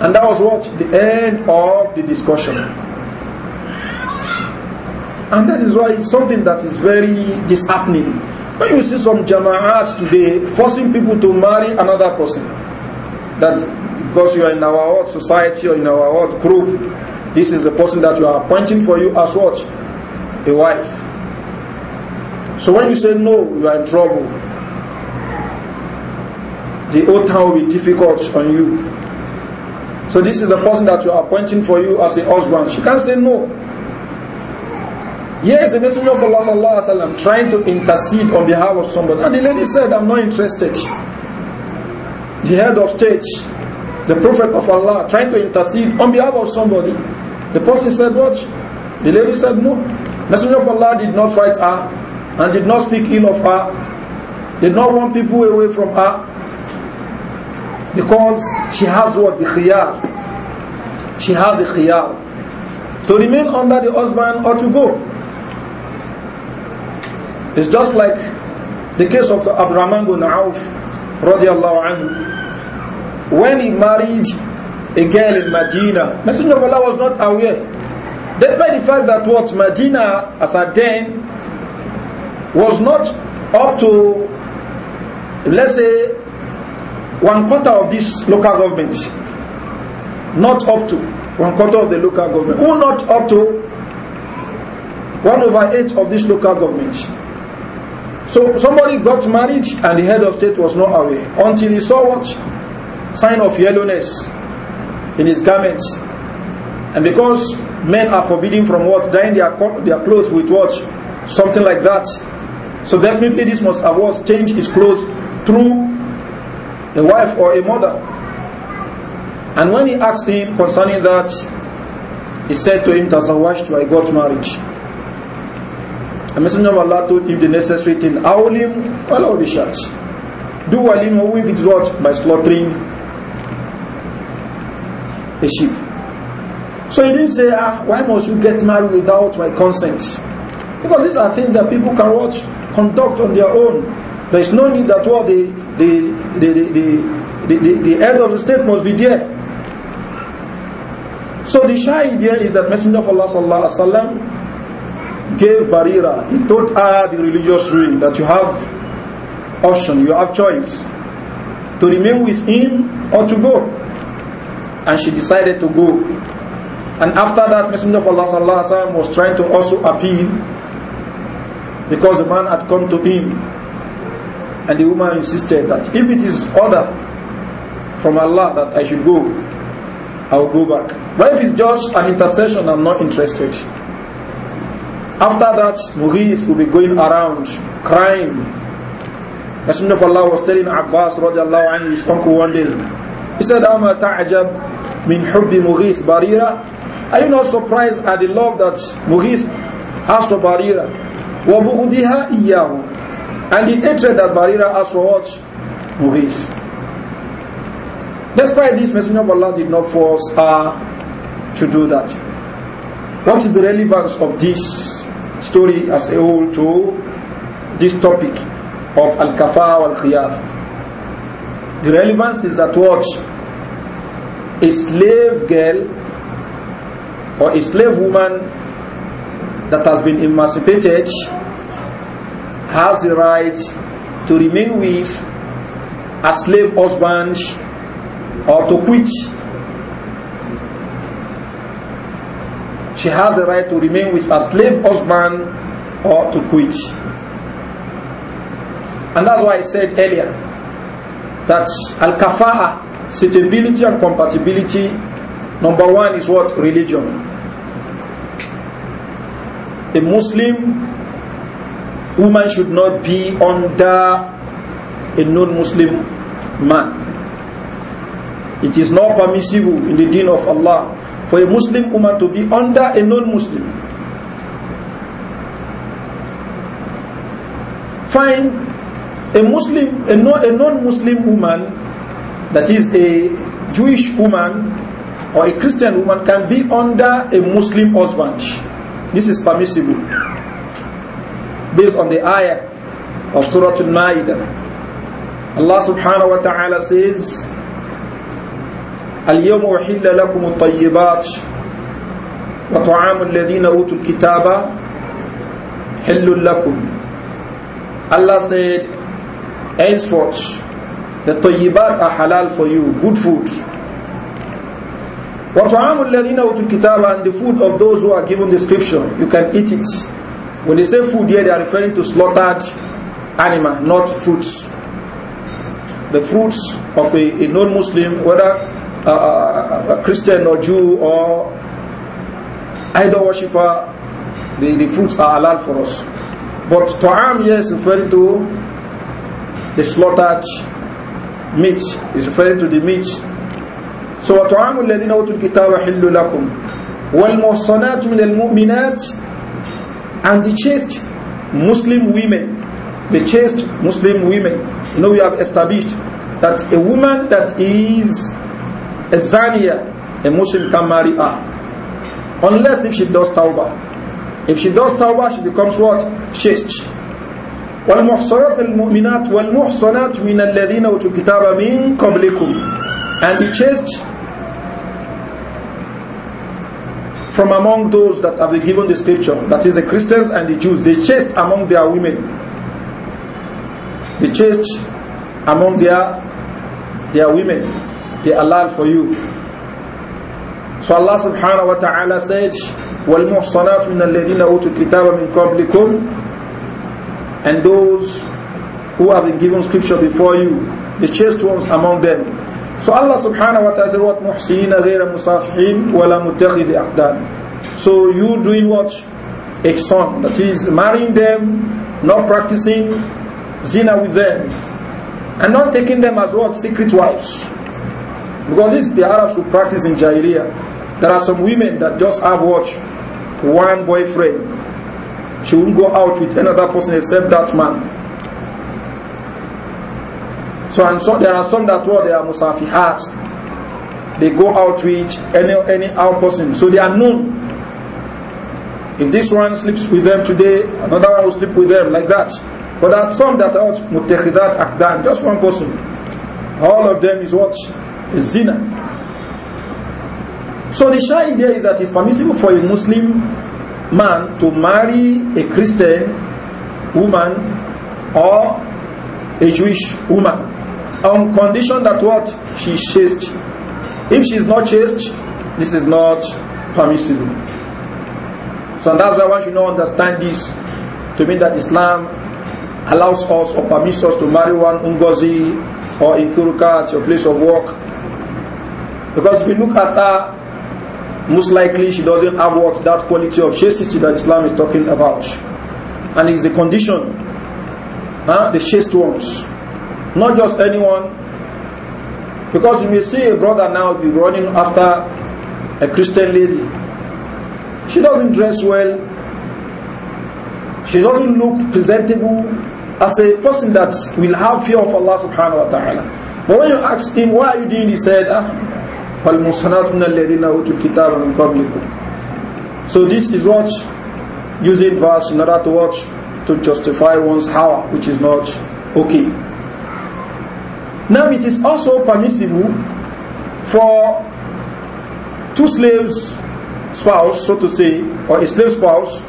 And that was what? The end of the discussion. And that is why it's something that is very disheartening. When you see some jama'at today forcing people to marry another person, that because you are in our society or in our what, group, this is the person that you are appointing for you as what? A wife. So when you say no, you are in trouble the oath will be difficult on you. So this is the person that you are appointing for you as a husband. She can't say no. Yes, the Messenger of Allah sallallahu alaihi wasallam trying to intercede on behalf of somebody, and the lady said, "I'm not interested." The head of state, the Prophet of Allah, trying to intercede on behalf of somebody. The person said, "What?" The lady said, "No." Messenger of Allah did not fight her, and did not speak ill of her, did not want people away from her. because she has what? The khiyar. She has the khiyar. To remain under the husband or to go. It's just like the case of Abdurrahman bin Auf radiallahu anhu. When he married a girl in Medina, Messenger of Allah was not aware. Despite the fact that what Medina as a then was not up to, let's say, one quarter of this local government, not up to one quarter of the local government, who not up to one over eight of this local government. So somebody got married and the head of state was not aware until he saw what sign of yellowness in his garments, and because men are forbidden from what dyeing their their clothes with what something like that, so definitely this must have was changed his clothes through a wife or a mother. And when he asked him concerning that, he said to him, Tazawashtu, I got married. The Messenger of Allah told him the necessary thing, Awlim, Allah will shot. Do walim with it what? By slaughtering a sheep. So he didn't say, ah, why must you get married without my consent? Because these are things that people can watch, conduct on their own. There is no need that what they the, the, the, the, the head of the state must be there. So the shy idea is that Messenger of Allah sallallahu alaihi wasallam gave Barira, he told her the religious rule that you have option, you have choice to remain with him or to go. And she decided to go. And after that, Messenger of Allah sallallahu alaihi wasallam was trying to also appeal because the man had come to him and the woman insisted that if it is order from Allah that I should go, I will go back. But if it's just an intercession, I'm not interested. After that, Mughith will be going around crying. Messenger of Allah was telling Abbas radiallahu anhu his uncle one day. He said, Ama ta'ajab min hubbi Mughith barira. Are you not surprised at the love that Mughith has for barira? وَبُغْدِهَا إِيَّاهُ and the hatred that Barira has for what? movies. Despite this, Messenger of Allah did not force her to do that. What is the relevance of this story as a whole to this topic of Al-Kafa al khiyar The relevance is that watch A slave girl or a slave woman that has been emancipated has the right to remain with a slave husband or to quit. She has the right to remain with a slave husband or to quit. And that's why I said earlier that al kafaha, suitability and compatibility, number one is what? Religion. A Muslim woman should not be under a non-Muslim man. It is not permissible in the deen of Allah for a Muslim woman to be under a non-Muslim. Find a Muslim, a non-Muslim woman, that is a Jewish woman or a Christian woman, can be under a Muslim husband. This is permissible. based on the ayah of Surah Al-Ma'idah. Allah subhanahu wa ta'ala says, اليوم أحل لكم الطيبات وطعام الذين أوتوا الكتاب حل لكم Allah said henceforth the طيبات are halal for you good food وطعام الذين أوتوا الكتاب and the food of those who are given the scripture you can eat it when they say food here, they are referring to slaughtered animal, not fruits. The fruits of a, a non-Muslim, whether uh, uh, a Christian or Jew or idol worshipper, the, the fruits are allowed for us. But ta'am here is referring to the slaughtered meat, is referring to the meat. So ta'am الَّذِينَ أُوتُوا الْكِتَابَ حِلُّ لَكُمْ وَالْمُحْصَنَاتُ مِنَ الْمُؤْمِنَاتِ and the chaste Muslim women, the chaste Muslim women. You know, we have established that a woman that is a zania, a Muslim can marry her, unless if she does tauba. If she does tauba, she becomes what? Chaste. والمحصنات المؤمنات والمحصنات من الذين أوتوا الكتاب من قبلكم and the chaste from among those that have been given the scripture, that is the Christians and the Jews, they chased among their women. They chased among their their women. They allowed for you. So Allah subhanahu wa ta'ala said, وَالْمُحْصَنَاتُ مِنَ الَّذِينَ أُوتُوا الْكِتَابَ مِنْ قَبْلِكُمْ And those who have been given scripture before you, the chaste ones among them. So Allah subhanahu wa ta'ala said, What muhsina ghayra musafihin wala mutakhid ahdan. So you doing what? Ihsan. That is marrying them, not practicing zina with them, and not taking them as what? Secret wives. Because this is the Arabs who practice in Jairia. There are some women that just have what? One boyfriend. She won't go out with another person except that man. So and so there are some that what they are musafihat. They go out with any any out person. So they are known. If this one sleeps with them today, another one will sleep with them like that. But there are some that are mutakhidat akdan, just one person. All of them is what? Is zina. So the shy idea is that it's permissible for a Muslim man to marry a Christian woman or a Jewish woman on um, condition that what? She is chaste. If she is not chaste, this is not permissible. So that's why one should not understand this to mean that Islam allows us or permits us to marry one ungozi or inkuruka at your place of work. Because if we look at her, most likely she doesn't have what that quality of chastity that Islam is talking about. And it's a condition, huh? the chaste ones. Not just anyone. Because you may see a brother now be running after a Christian lady. She doesn't dress well. She doesn't look presentable as a person that will have fear of Allah subhanahu wa ta'ala. But when you ask him, why are you doing this? He said, ah, الَّذِينَ أُوتُوا الْكِتَابَ مِنْ قَبْلِكُمْ So this is what using verse in order to watch to justify one's hour, which is not okay. Now it is also permissible for two slaves spouse, so to say, or a slave spouse,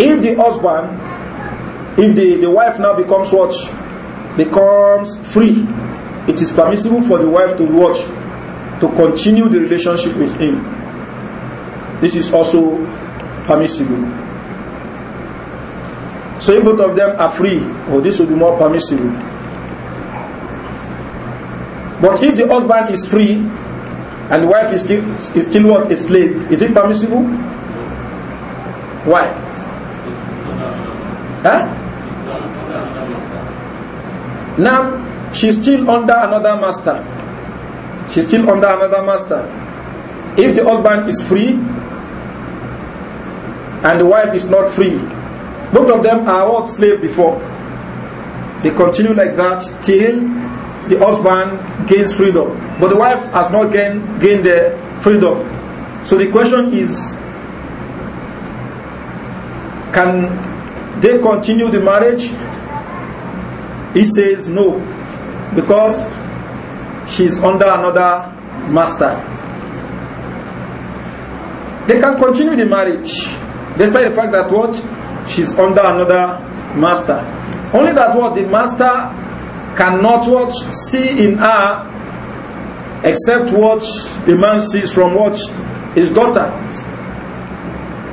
if the husband, if the, the wife now becomes what? Becomes free. It is permissible for the wife to watch, to continue the relationship with him. This is also permissible. So if both of them are free, or oh, this will be more permissible. But if the husband is free and the wife is still is still what a slave, is it permissible? Why? Huh? Now she's still under another master. She's still under another master. If the husband is free and the wife is not free, both of them are all slaves before. They continue like that till the husband gains freedom, but the wife has not gained, gained the freedom. So the question is, can they continue the marriage? He says no, because she's under another master. They can continue the marriage, despite the fact that what? She's under another master. Only that what? The master cannot what see in her except what the man sees from what his daughter.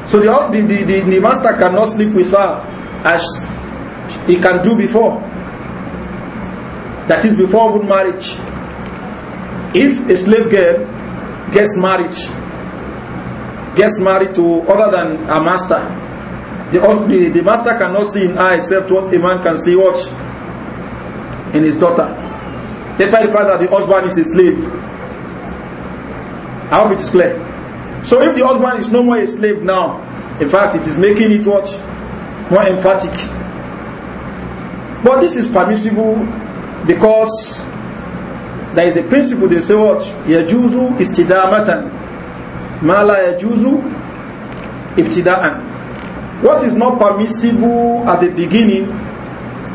So the, the, the, the master cannot sleep with her as he can do before. That is before good marriage. If a slave girl gets married, gets married to other than a master, the, the, the master cannot see in her except what a man can see what and his daughter. Despite the father, the husband is a slave. I hope it is clear. So if the husband is no more a slave now, in fact it is making it what? More emphatic. But this is permissible because there is a principle they say what? Yajuzu istidamatan. Ma la yajuzu ibtida'an. What is not permissible at the beginning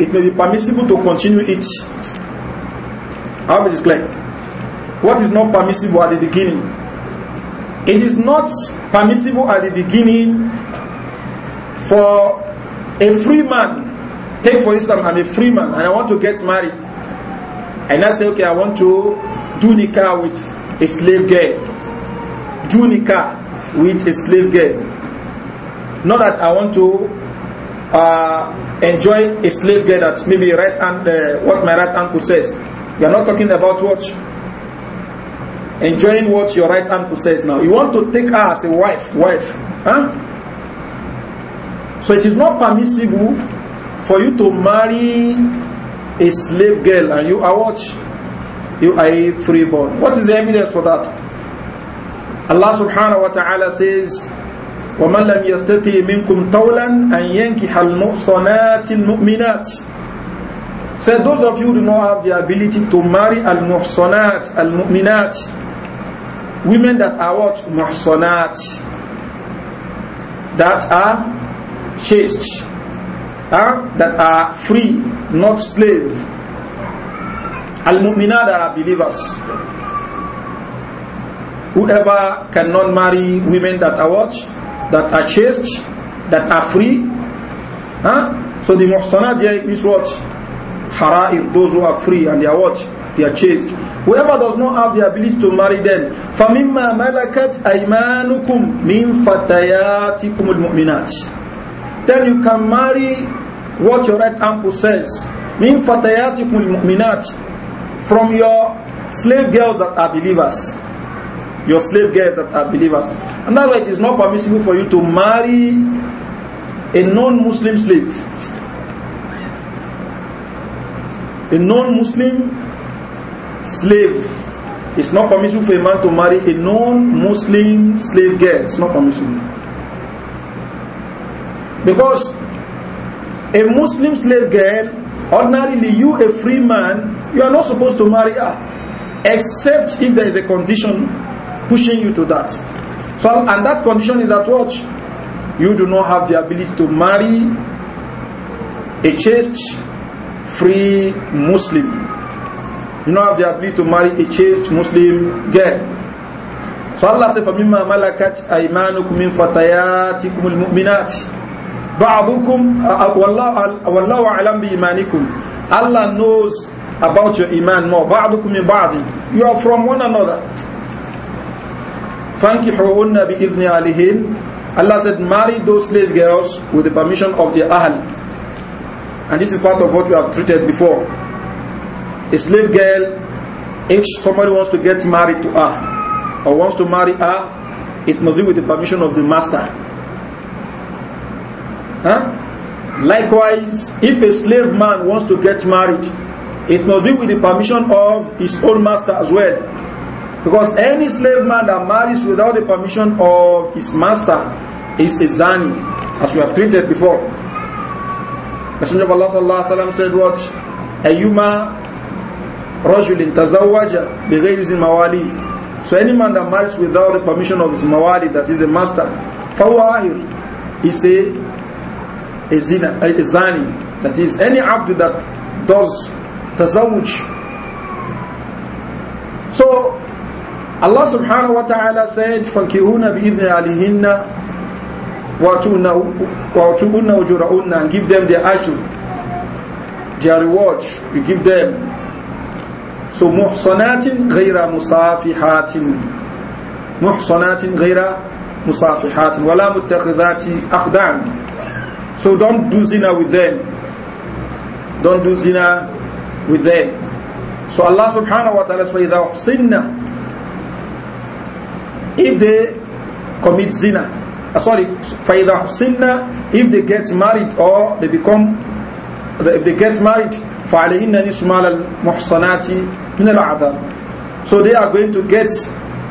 it may be permissible to continue it. I it is clear. What is not permissible at the beginning? It is not permissible at the beginning for a free man, take for instance, I'm a free man and I want to get married. And I say, okay, I want to do nikah with a slave girl. Do nikah with a slave girl. Not that I want to uh, enjoy a slave girl that maybe right hand, uh, what my right uncle says. You are not talking about what? Enjoying what your right uncle says. now. You want to take her as a wife, wife. Huh? So it is not permissible for you to marry a slave girl and you are what? You are a freeborn. What is the evidence for that? Allah subhanahu wa ta'ala says, ومن لم يستطع منكم طولا أن ينكح المحصنات المؤمنات So those of you who do not have the ability to marry al-muhsanat, al-mu'minat, women that are what? Muhsanat, that are chaste, huh? that are free, not slave. Al-mu'minat are believers. Whoever cannot marry women that are what? that are chaste, that are free. Huh? So the muhsanat there is what? Hara'ir, those who are free and they are what? They are chaste. Whoever does not have the ability to marry them, فَمِمَّا مَلَكَتْ أَيْمَانُكُمْ مِنْ فَتَيَاتِكُمُ الْمُؤْمِنَاتِ Then you can marry what your right hand possesses. مِنْ فَتَيَاتِكُمُ الْمُؤْمِنَاتِ From your slave girls that are believers. Your slave girls that are believers. And that's why it is not permissible for you to marry a non-Muslim slave. A non-Muslim slave. It's not permissible for a man to marry a non-Muslim slave girl. It's not permissible. Because a Muslim slave girl, ordinarily you, a free man, you are not supposed to marry her. Except if there is a condition pushing you to that. So, and that condition is that what? You do not have the ability to marry a chaste, free Muslim. You don't have the ability to marry a chaste Muslim girl. So Allah said, فَمِمَّا مَلَكَتْ أَيْمَانُكُمْ مِنْ فَتَيَاتِكُمُ الْمُؤْمِنَاتِ بَعْضُكُمْ وَاللَّهُ عَلَمْ بِإِيمَانِكُمْ Allah knows about your iman more. بَعْضُكُمْ مِنْ بَعْضٍ You are from one another. فَانْكِحُهُنَّ بِإِذْنِ أَهْلِهِنْ Allah said, marry those slave girls with the permission of the Ahl. And this is part of what we have treated before. A slave girl, if somebody wants to get married to her, or wants to marry her, it must be with the permission of the master. Huh? Likewise, if a slave man wants to get married, it must be with the permission of his own master as well. Because any slave man that marries without the permission of his master is a zani, as we have treated before. Messenger of Allah sallallahu alaihi wasallam said, "What ayuma rajulin behaves in mawali." So any man that marries without the permission of his mawali, that is a master, fawahir, is a a, zina, a, a zani. That is any abd that does tazawuj. So Allah subhanahu wa ta'ala said, فَكِهُونَ بِإِذْنِ عَلِهِنَّ وَأَتُوهُنَّ أُجُرَهُنَّ And give them their ajr, their reward, We give them. So muhsanatin غَيْرَ musafihatin, muhsanatin غَيْرَ musafihatin, وَلَا مُتَّخِذَاتِ أَخْدَانٍ So don't do zina with them. Don't do zina with them. So Allah subhanahu wa ta'ala says, فَإِذَا أُحْصِنَّ if they commit zina. Uh, sorry, فَإِذَا حُسِنَّ If they get married or they become, if they get married, فَعَلَيْهِنَّ نِسْمَالَ الْمُحْصَنَاتِ مِنَ الْعَذَابِ So they are going to get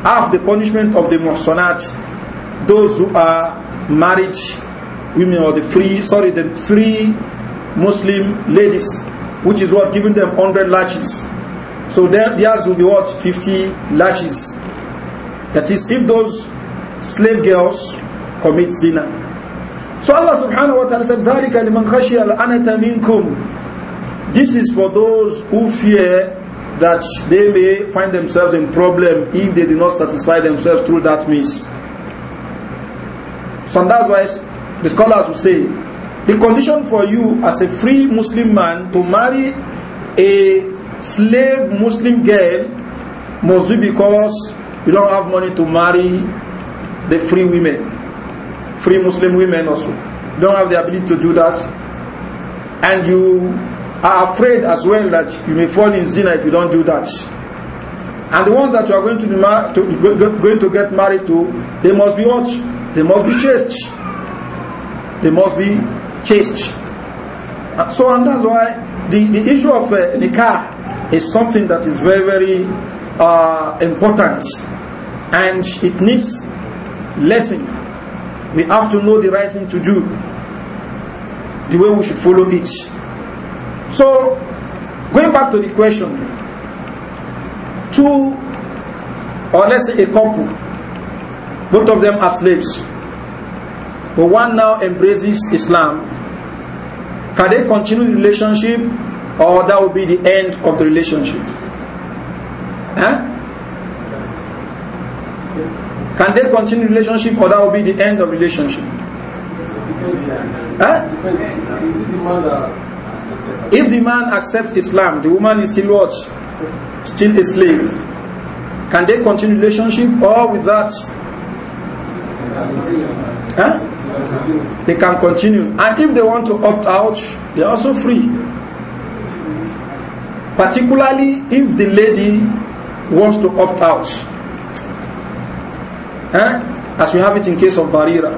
half the punishment of the muhsanat, those who are married women or the free, sorry, the free Muslim ladies, which is what giving them 100 lashes. So theirs will be what? 50 lashes. That is, if those slave girls commit zina. So Allah subhanahu wa ta'ala said, ذَلِكَ لِمَنْ خَشِيَ الْأَنَةَ مِنْكُمْ This is for those who fear that they may find themselves in problem if they do not satisfy themselves through that means. So that's why the scholars will say, the condition for you as a free Muslim man to marry a slave Muslim girl must be because you don't have money to marry the free women, free Muslim women also. You don't have the ability to do that. And you are afraid as well that you may fall in zina if you don't do that. And the ones that you are going to, be mar- to, going to get married to, they must be what? They must be chaste. They must be chaste. And so, and that's why the, the issue of uh, nikah is something that is very, very uh, important and it needs lesson. We have to know the right thing to do, the way we should follow it. So, going back to the question, two or let's say a couple, both of them are slaves, but one now embraces Islam. Can they continue the relationship or that will be the end of the relationship? Huh? Can they continue relationship or that will be the end of relationship? Huh? If the man accepts Islam, the woman is still what? Still a slave. Can they continue relationship or with that? Huh? They can continue. And if they want to opt out, they are also free. Particularly if the lady wants to opt out. Eh? As we have it in case of Barira.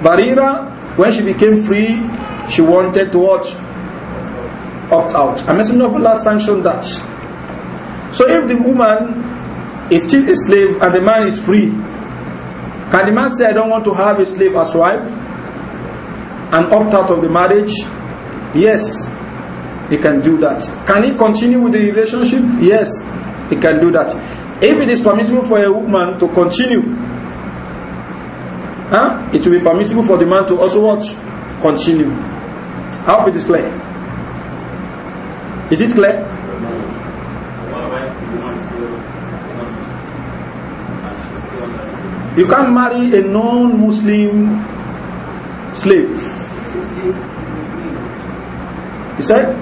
Barira, when she became free, she wanted to what? Opt out. I Messenger of Allah sanctioned that. So if the woman is still a slave and the man is free, can the man say, I don't want to have a slave as wife? And opt out of the marriage? Yes, he can do that. Can he continue with the relationship? Yes, he can do that. If it is permissible for a woman to continue, huh, it will be permissible for the man to also watch, continue. I hope it is clear. Is it clear? You can't marry a non-Muslim slave. You said?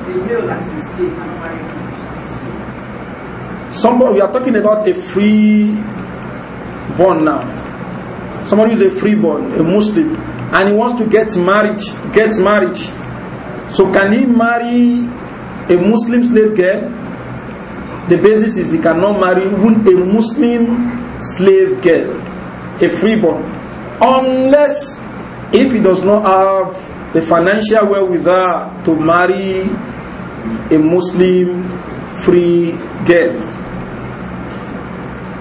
Somebody, we are talking about a free born now. Somebody is a free-born, a Muslim, and he wants to get married, get married. So can he marry a Muslim slave girl? The basis is he cannot marry even a Muslim slave girl, a free-born, unless if he does not have the financial wherewithal to marry a Muslim free girl.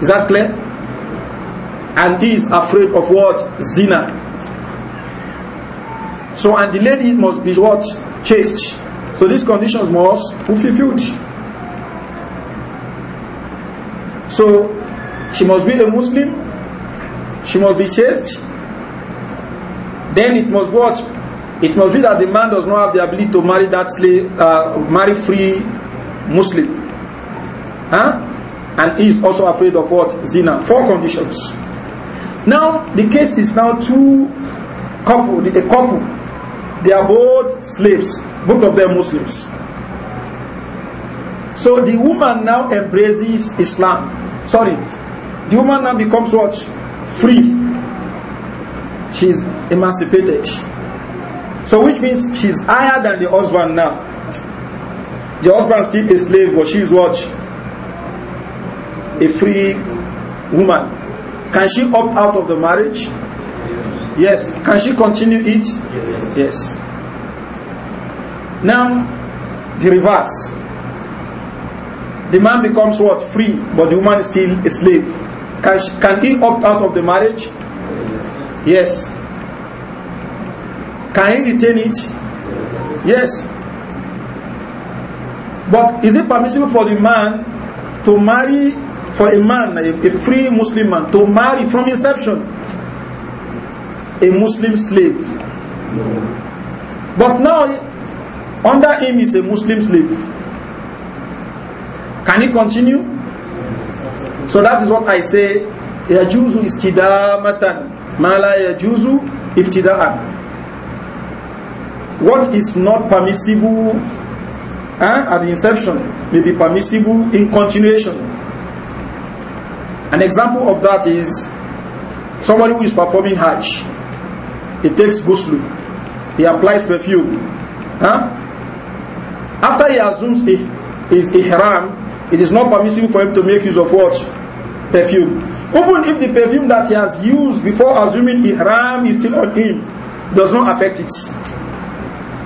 Is that clear? And he's is afraid of what? Zina. So, and the lady must be what? Chaste. So these conditions must be fulfilled. So, she must be a Muslim. She must be chaste. Then it must what? It must be that the man does not have the ability to marry that slave, uh, marry free Muslim. Huh? and he is also afraid of what? Zina. Four conditions. Now, the case is now two couple, the couple. They are both slaves, both of them Muslims. So the woman now embraces Islam. Sorry, the woman now becomes what? Free. She is emancipated. So which means she's higher than the husband now. The husband still a slave, but she's what? a free woman, can she opt out of the marriage? Yes. Can she continue it? Yes. Now, the reverse. The man becomes what? Free, but the woman is still a slave. Can, she, can he opt out of the marriage? Yes. Can he retain it? Yes. But is it permissible for the man to marry for a man, a, a free Muslim man, to marry from inception a Muslim slave. But now, under him is a Muslim slave. Can he continue? So that is what I say. يجوز استدامة ما لا يجوز ابتداء what is not permissible eh, at the inception may be permissible in continuation An example of that is somebody who is performing Hajj. He takes ghusl. He applies perfume. Huh? After he assumes his ihram, it is not permissible for him to make use of what? Perfume. Even if the perfume that he has used before assuming ihram is still on him, does not affect it.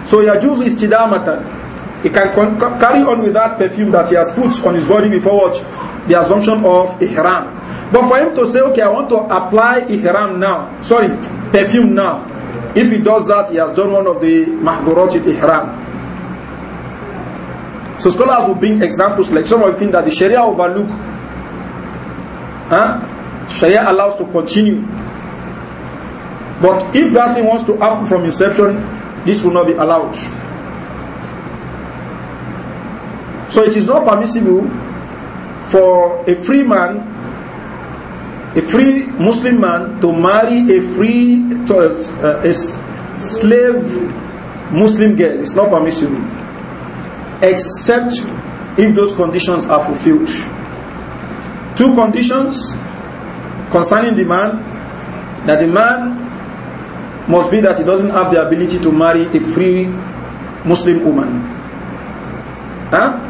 So Yajuz is tidamatan. He can carry on with that perfume that he has put on his body before what? The assumption of ihram. But for him to say, okay, I want to apply ihram now, sorry, perfume now. If he does that, he has done one of the mahdurat ihram. So scholars will bring examples like some of the things that the Sharia overlook. Huh? Sharia allows to continue. But if that thing wants to happen from inception, this will not be allowed. So it is not permissible for a free man, a free Muslim man, to marry a free, to, uh, a slave Muslim girl. It's not permissible. Except if those conditions are fulfilled. Two conditions concerning the man that the man must be that he doesn't have the ability to marry a free Muslim woman. Huh?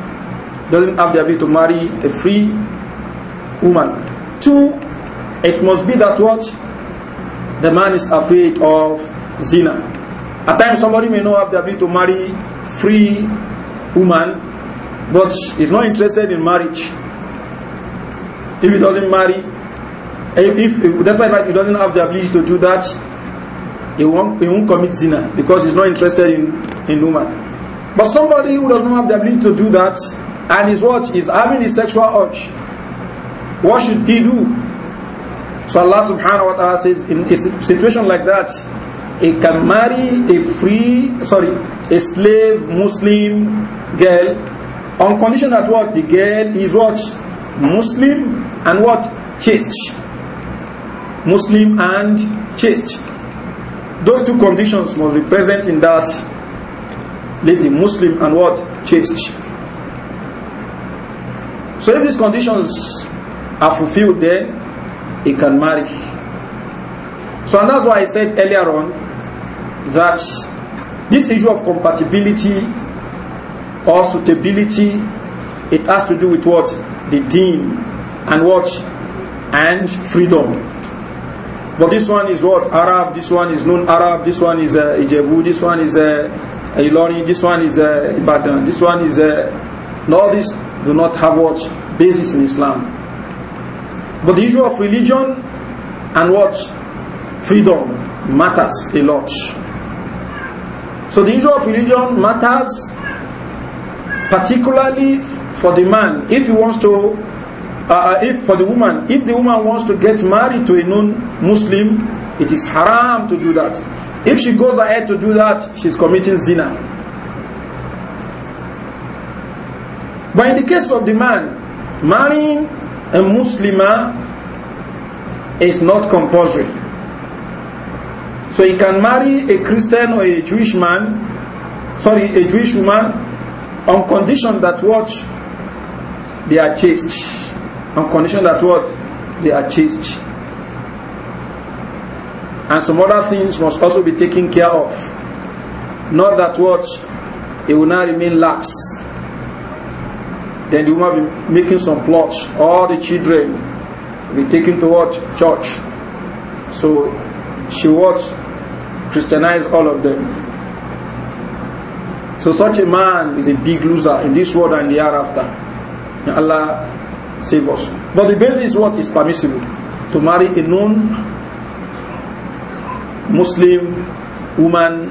doesn't have the ability to marry a free woman. Two, it must be that what the man is afraid of zina. At times somebody may not have the ability to marry free woman, but is not interested in marriage. If he doesn't marry, if, if despite that he doesn't have the ability to do that, he won't, he won't commit zina because he's not interested in, in woman. But somebody who does not have the ability to do that and is what is having a sexual urge. What should he do? So Allah subhanahu wa ta'ala says in a situation like that, he can marry a free, sorry, a slave Muslim girl on condition that what the girl is what Muslim and what chaste. Muslim and chaste. Those two conditions must be present in that lady, Muslim and what chaste. So if these conditions are fulfilled then he can marry. So and that's why I said earlier on that this issue of compatibility or suitability, it has to do with what? The deen and what? And freedom. But this one is what? Arab, this one is non-Arab, this one is uh, Ijebu, this one is uh, Ilori, this one is uh, Ibadan, this one is... Uh, all these do not have what? Basis in Islam. But the issue of religion and what? Freedom matters a lot. So the issue of religion matters particularly for the man if he wants to uh, uh if for the woman if the woman wants to get married to a non-muslim it is haram to do that if she goes ahead to do that she's committing zina But in the case of the man, marrying a Muslimah is not compulsory. So he can marry a Christian or a Jewish man, sorry, a Jewish woman, on condition that what? They are chaste. On condition that what? They are chaste. And some other things must also be taken care of. Not that what? It will not remain lax then the woman will be making some plots. All the children will be taken to what? Church. So she wants Christianize all of them. So such a man is a big loser in this world and the hereafter. May Allah save us. But the basis is what is permissible. To marry a non-Muslim woman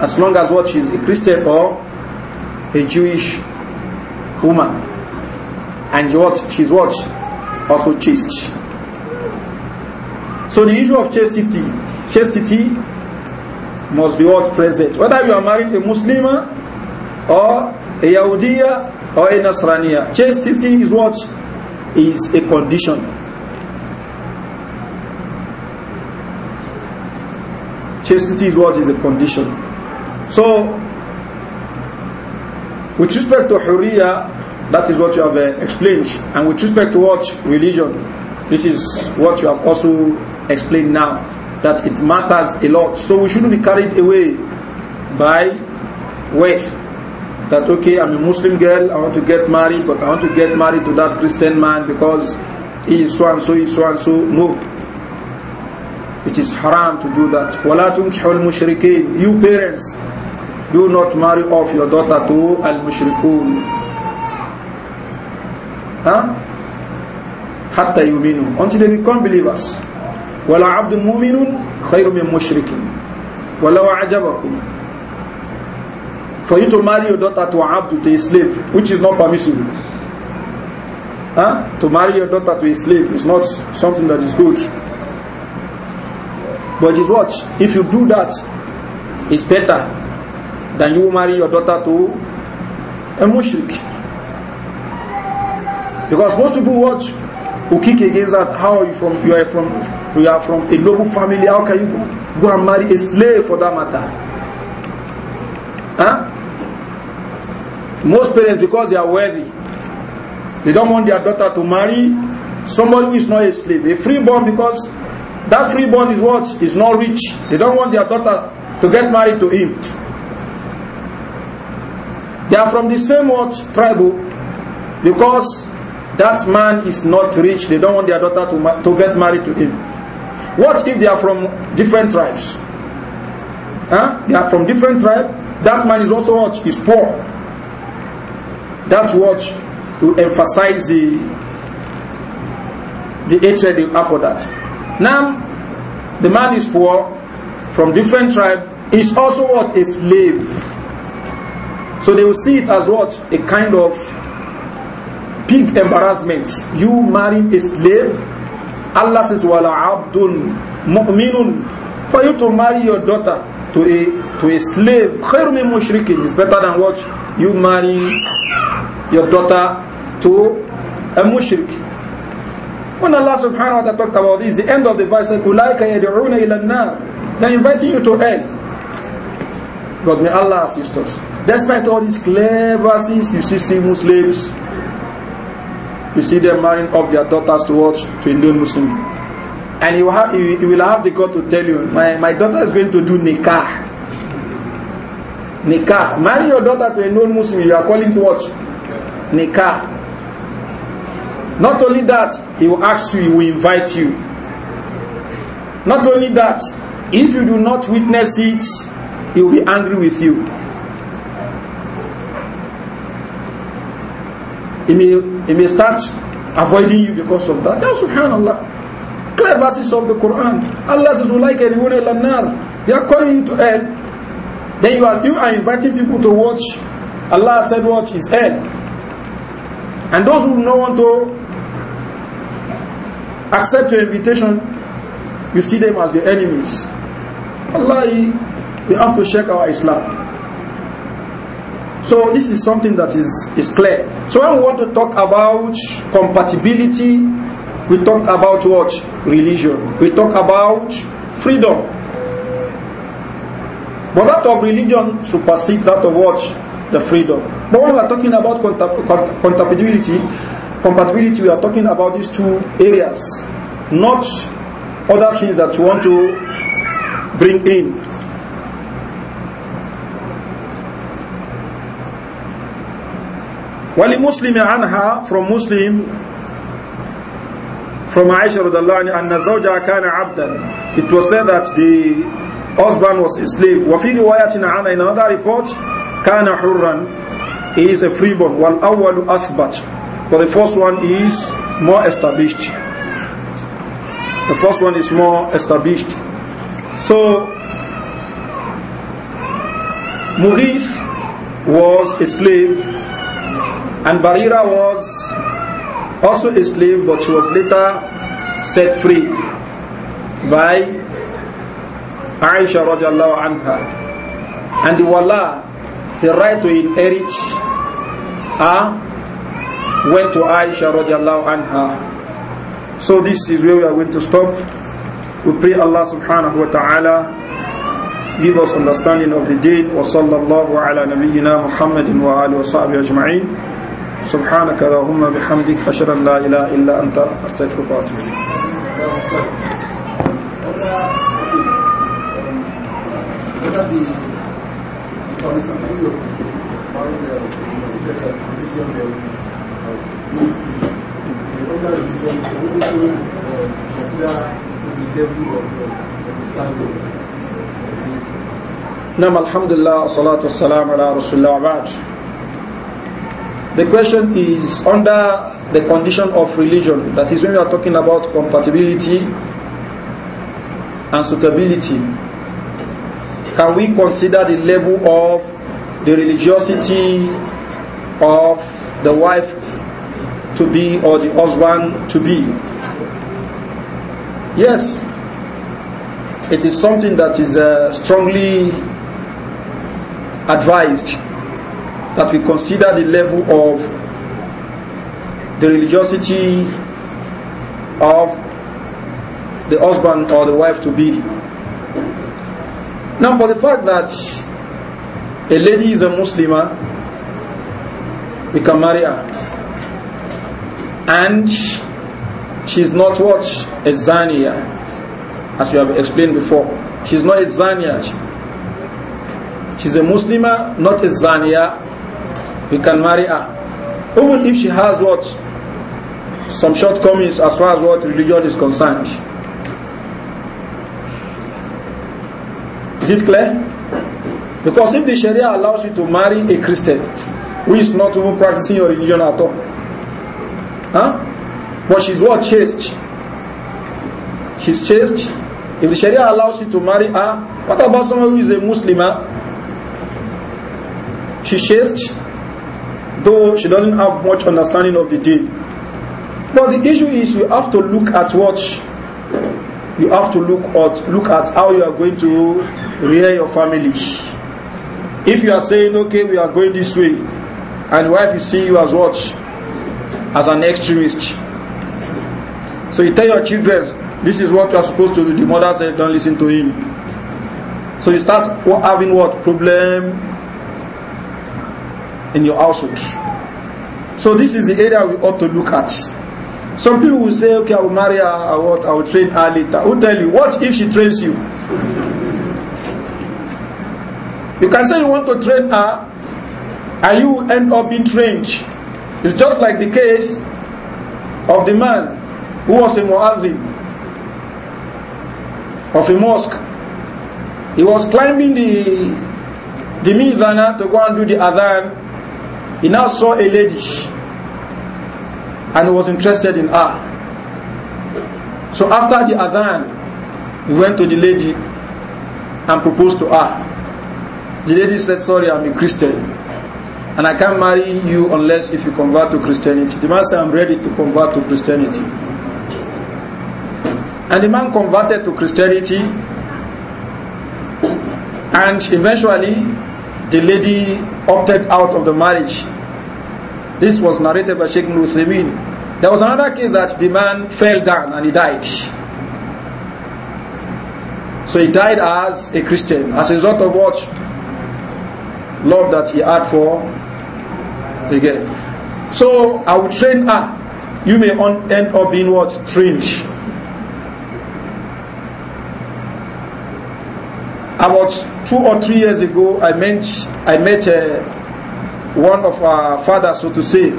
as long as what she is a Christian or a Jewish woman and what she's what also chaste. So the issue of chastity, chastity must be what present. Whether you are married a Muslim or a Yahudiya or a Nasraniya, chastity is what is a condition. Chastity is what is a condition. So, with respect to Huriyah, that is what you have uh, explained. And with respect to what? Religion. This is what you have also explained now. That it matters a lot. So we shouldn't be carried away by wealth. That okay, I'm a Muslim girl, I want to get married, but I want to get married to that Christian man because he is so and so, he is so and so. No. It is haram to do that. وَلَا تُنْكِحُ الْمُشْرِكِينَ You parents, do not marry off your daughter to al-mushrikun Huh? Hatta yuminu. Until they become believers. وَلَا عَبْدٌ مُؤْمِنٌ خَيْرٌ مِنْ مُشْرِكٍ وَلَوْ عَجَبَكُمْ For you to marry your daughter to abdu, to a slave, which is not permissible. Huh? To marry your daughter to a slave is not something that is good. But it's what? If you do that, it's better than you marry your daughter to a mushrik. Because most people watch who kick against that. How you from? You are from. You are from a noble family. How can you go, and marry a slave for that matter? Huh? Most parents, because they are wealthy, they don't want their daughter to marry somebody who is not a slave, a freeborn, because that freeborn is what is not rich. They don't want their daughter to get married to him. They are from the same what tribal, because that man is not rich, they don't want their daughter to, to get married to him. What if they are from different tribes? Huh? They are from different tribe. That man is also what is poor. That's what to emphasize the the hatred you have for that. Now, the man is poor from different tribe is also what a slave. So they will see it as what a kind of big embarrassment. You marrying a slave. Allah says, Wala abdun mu'minun. For you to marry your daughter to a to a slave, khairu min mushrikin is better than what you marry your daughter to a mushrik. When Allah subhanahu wa ta'ala talked about this, the end of the verse Ulaika yad'una ila nar. They're inviting you to hell. But may Allah assist us. Despite all these clever verses, you see, see Muslims you see them marrying off their daughters towards to a non-Muslim. And he will, have, he, will have the God to tell you, my, my daughter is going to do nikah. Nikah. Marry your daughter to a non-Muslim, you are calling to watch Nikah. Not only that, he will ask you, he will invite you. Not only that, if you do not witness it, he will be angry with you. He may, he may start avoiding you because of that. Yeah, subhanallah. Clear verses of the Quran. Allah says, "Like Ulaika nar. They are calling you to hell. Then you are, you are inviting people to watch. Allah said "Watch is hell. And those who do not want to accept your invitation, you see them as your enemies. Allah, we have to check our Islam. So this is something that is, is clear. So when we want to talk about compatibility, we talk about what? Religion. We talk about freedom. But that of religion supersedes that of what? The freedom. But when we are talking about compatibility, compatibility, we are talking about these two areas, not other things that you want to bring in. وَلِمُسْلِمِ عَنْهَا From Muslim, from Aisha radallahu anha, أَنَّ زَوْجَهَا كَانَ عَبْدًا It was said that the husband was a slave. وَفِي رِوَايَةٍ عَنَا In another report, kana hurran He is a freeborn. وَالْأَوَّلُ asbat. But the first one is more established. The first one is more established. So, Maurice was a slave and Barira was also a slave, but she was later set free by Aisha radiallahu anha. And the wala, the right to inherit, uh, went to Aisha radiallahu anha. So this is where we are going to stop. We pray Allah subhanahu wa ta'ala give us understanding of the deen. Wa sallallahu ala nabiyyina Muhammadin wa alihi wa سبحانك اللهم بحمدك أشهد أن لا إله إلا أنت أستغفرك وأتوب نعم الحمد لله والصلاة والسلام على رسول الله وبعد The question is under the condition of religion, that is when we are talking about compatibility and suitability. Can we consider the level of the religiosity of the wife to be or the husband to be? Yes, it is something that is uh, strongly advised that we consider the level of the religiosity of the husband or the wife to be. Now, for the fact that a lady is a Muslimah, we can marry her. And she's not what? A Zania, as we have explained before. She's not a Zania. She's a Muslimah, not a Zania he can marry her. Even if she has what? Some shortcomings as far as what religion is concerned. Is it clear? Because if the Sharia allows you to marry a Christian who is not even practicing your religion at all, huh? but she's what? Chaste. She's chaste. If the Sharia allows you to marry her, what about someone who is a Muslim? Huh? She's chaste. though she doesn't have much understanding of the deen. But the issue is you have to look at what you have to look at look at how you are going to rear your family. If you are saying, okay, we are going this way, and wife is seeing you as what? As an extremist. So you tell your children, this is what you are supposed to do. The mother said, don't listen to him. So you start having what? Problem in your household. So this is the area we ought to look at. Some people will say, okay, I will marry her, I will, I will train her later. Who tell you? What if she trains you? You can say you want to train her, and you end up being trained. It's just like the case of the man who was a muazzin of a mosque. He was climbing the the mizana to go and do the adhan He now saw a lady and he was interested in her. So after the Adhan, he went to the lady and proposed to her. The lady said, Sorry, I'm a Christian and I can't marry you unless if you convert to Christianity. The man said, I'm ready to convert to Christianity. And the man converted to Christianity and eventually the lady opted out of the marriage. This was narrated by Sheikh Nuthimin. There was another case that the man fell down and he died. So he died as a Christian, as a result of what? Love that he had for the girl. So I will train her. You may end up being what? Trained. About two or three years ago, I met, I met uh, one of our fathers, so to say.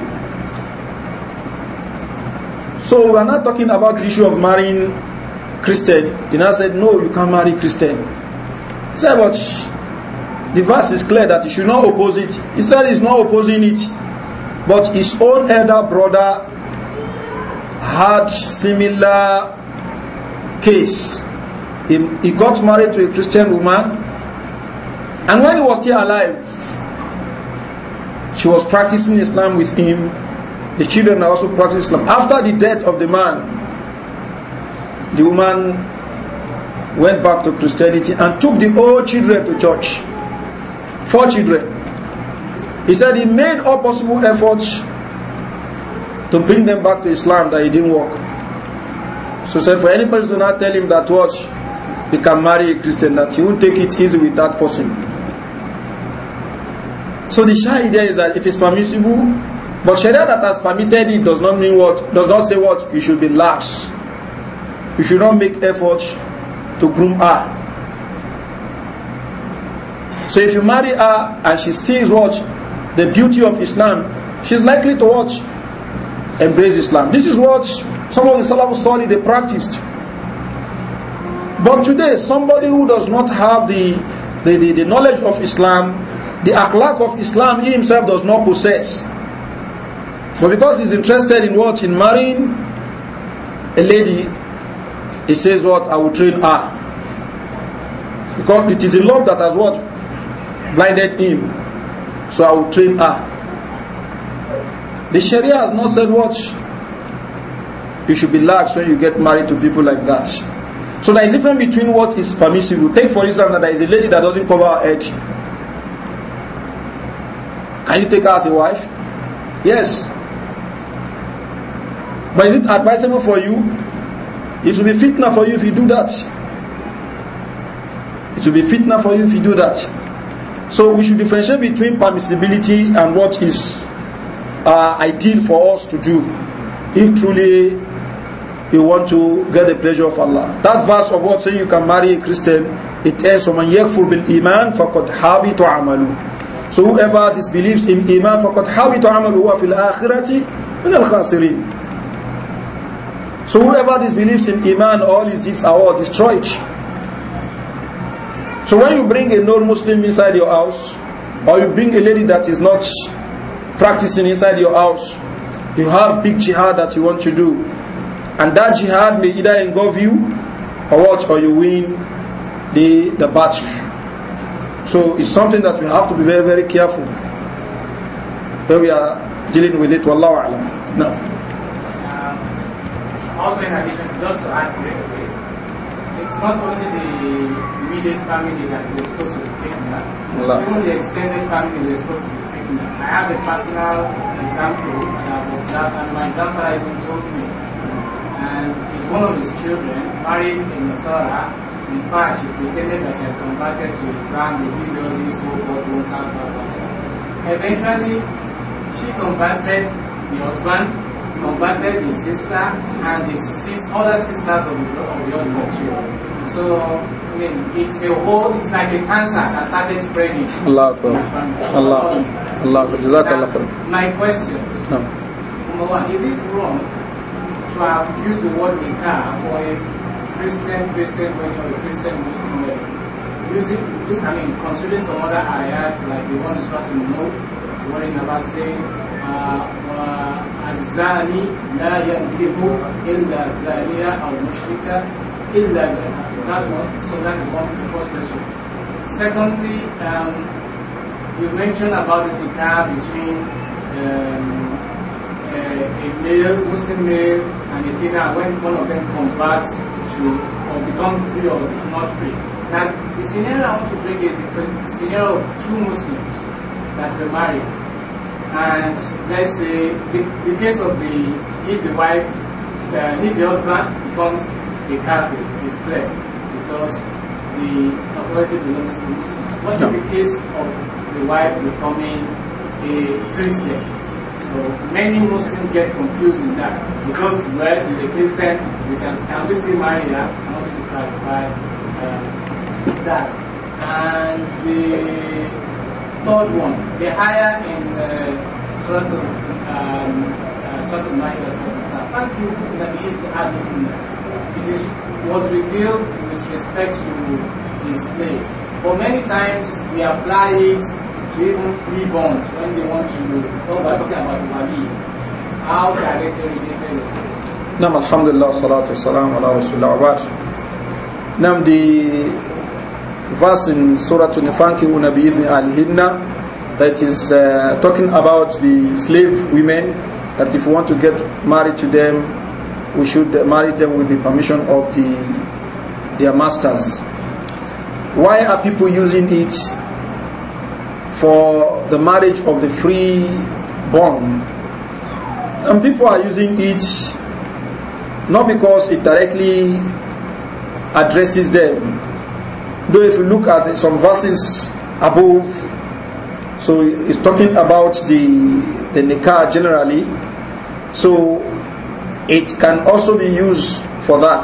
So we are not talking about the issue of marrying Christian. He now said, no, you can't marry Christian. He said, but the verse is clear that you should not oppose it. He said he's not opposing it. But his own elder brother had similar case He, he got married to a Christian woman, and when he was still alive, she was practicing Islam with him. The children also practiced Islam. After the death of the man, the woman went back to Christianity and took the old children to church. Four children. He said he made all possible efforts to bring them back to Islam that he didn't work. So said for anybody to not tell him that what he can marry a Christian, that he won't take it easy with that person. So the shy idea is that it is permissible, but Sharia that has permitted it does not mean what, does not say what, you should be lax. You should not make effort to groom her. So if you marry her and she sees what the beauty of Islam, she's likely to watch embrace Islam. This is what some of the Salafus Salih they practiced. But today, somebody who does not have the, the, the, the knowledge of Islam, the akhlaq of Islam, he himself does not possess. But because he's interested in what? In marrying a lady, he says what? I will train her. Because it is the love that has what? Blinded him. So I will train her. The Sharia has not said what? You should be lax when you get married to people like that. So there is difference between what is permissible. Take for instance that there is a lady that doesn't cover her head. Can you take her as a wife? Yes. But is it advisable for you? It will be fitna for you if you do that. It will be fitna for you if you do that. So we should differentiate between permissibility and what is uh, ideal for us to do if truly you want to get the pleasure of Allah. That verse of what saying you can marry a Christian, it ends from yakfur bil iman faqad to amalu. So whoever disbelieves in iman faqad habitu amalu wa fil akhirati min al So whoever disbelieves in iman, all his deeds are all destroyed. So when you bring a non-Muslim inside your house, or you bring a lady that is not practicing inside your house, you have big jihad that you want to do. And that jihad may either engulf you or what, or you win the, the battle. So it's something that we have to be very, very careful when we are dealing with it. Wallahu alam. No. Um, also, in addition, just to add to it, it's not only the immediate family that is exposed to the fitna, even the extended family is exposed to the fitna. I have a personal example that I have observed, and my grandfather even told me and is one of his children married a Masara. In fact, he pretended that he had converted to Islam. He did all these so-called local Eventually, she converted the husband, converted His sister, and the six other sisters of the, of the husband too. So, I mean, it's a whole, it's like a cancer that started spreading. Allah, Allah, Allah, Allah. My question. No. Number one, is it wrong try to use the word we for a Christian Christian version of a Christian Muslim way. Using, I mean, considering some other ayats like the one starting in Note, the one in Abbas says, الزاني لا ينكح إلا الزانية أو مشركة إلا زانية. That one, so that is one first question. Secondly, um, you mentioned about the nikah between um, uh, a male, Muslim male and a female, when one of them converts to or becomes free or not free. Now, the scenario I want to bring is the scenario of two Muslims that were married. And let's say the, the case of the if the wife, uh, if the husband becomes a Catholic, is clear because the authority belongs to Muslim. What no. is the case of the wife becoming a Christian? So many Muslims get confused in that because whereas with a Christian, we can, can we see marry her? I want to clarify uh, that. And the third one, the higher in uh, sort of um, uh, sort of Nahida, Thank you that is the It is, was revealed with respect to the slave. But many times we apply it creating free bonds when they want to know about something about Nabi, how directly related is this? Nam alhamdulillah salatu salam ala rasulullah wa Nam the verse in Surah Nifankihu Nabi'idhin alihinna that is uh, talking about the slave women that if we want to get married to them we should marry them with the permission of the their masters why are people using it for the marriage of the free born. And people are using it not because it directly addresses them. Though if you look at some verses above, so it's talking about the, the nikah generally. So it can also be used for that.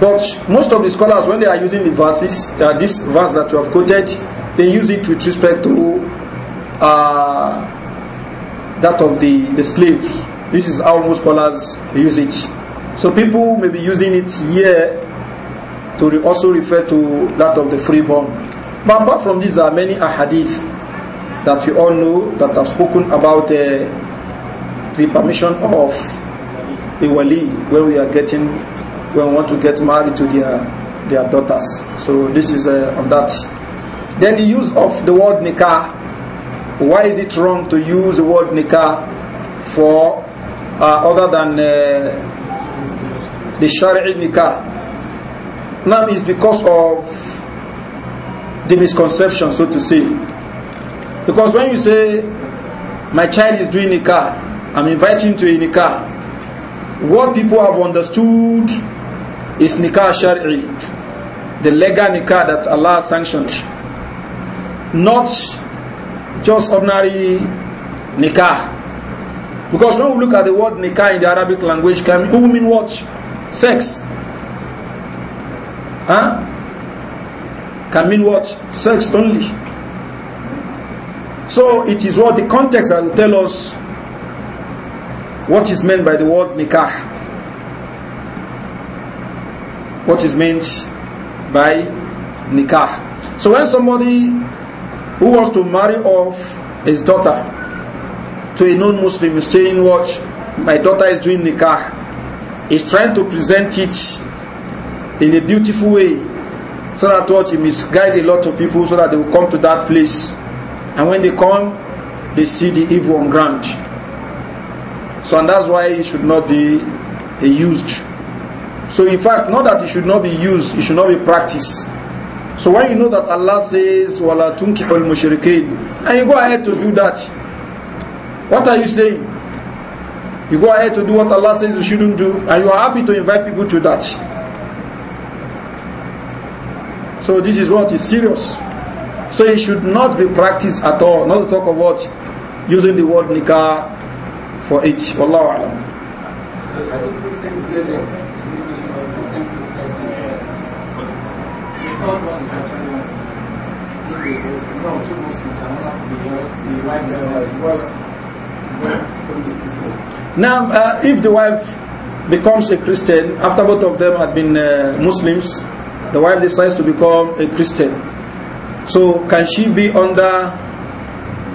But most of the scholars, when they are using the verses, uh, this verse that you have quoted, they use it with respect to uh, that of the, the slaves. This is how most scholars use it. So people may be using it here to re also refer to that of the freeborn. But apart from this, there are many ahadith that we all know that have spoken about uh, the permission of a wali when we are getting, when we want to get married to their their daughters. So this is uh, on that. Then the use of the word nikah. Why is it wrong to use the word nikah for uh, other than uh, the shari'i nikah? Now it's because of the misconception, so to say. Because when you say, my child is doing nikah, I'm inviting him to a nikah, what people have understood is nikah shari'i, the legal nikah that Allah sanctioned. not just ordinary nikah. Because when we look at the word nikah in the Arabic language, can who mean what? Sex. Huh? Can mean what? Sex only. So it is what the context that will tell us what is meant by the word nikah. What is meant by nikah. So when somebody who wants to marry off his daughter to a non-Muslim is saying, watch, my daughter is doing nikah. He's trying to present it in a beautiful way so that what he misguide a lot of people so that they will come to that place. And when they come, they see the evil on ground. So and that's why it should not be used. So in fact, not that it should not be used, it should not be practiced. So when you know that Allah says, Wala tunkihul mushrikeen, and you go ahead to do that, what are you saying? You go ahead to do what Allah says you shouldn't do, and you are happy to invite people to that. So this is what is serious. So it should not be practiced at all, not to talk about using the word nikah for it. Wallahu alam. no two Muslims are not the the wife Now, uh, if the wife becomes a Christian after both of them had been uh, Muslims, the wife decides to become a Christian. So, can she be under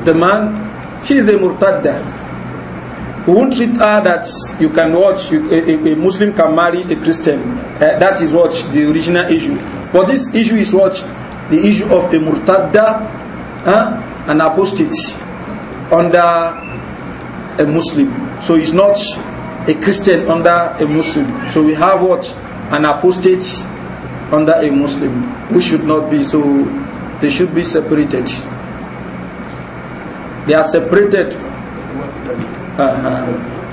the man? She is a murtadda. We won't treat her that you can watch, you, a, a, Muslim can marry a Christian. Uh, that is what the original issue. But this issue is what? The issue of a murtadda huh? an apostate under a Muslim. So he's not a Christian under a Muslim. So we have what? An apostate under a Muslim. We should not be so they should be separated. They are separated uh -huh.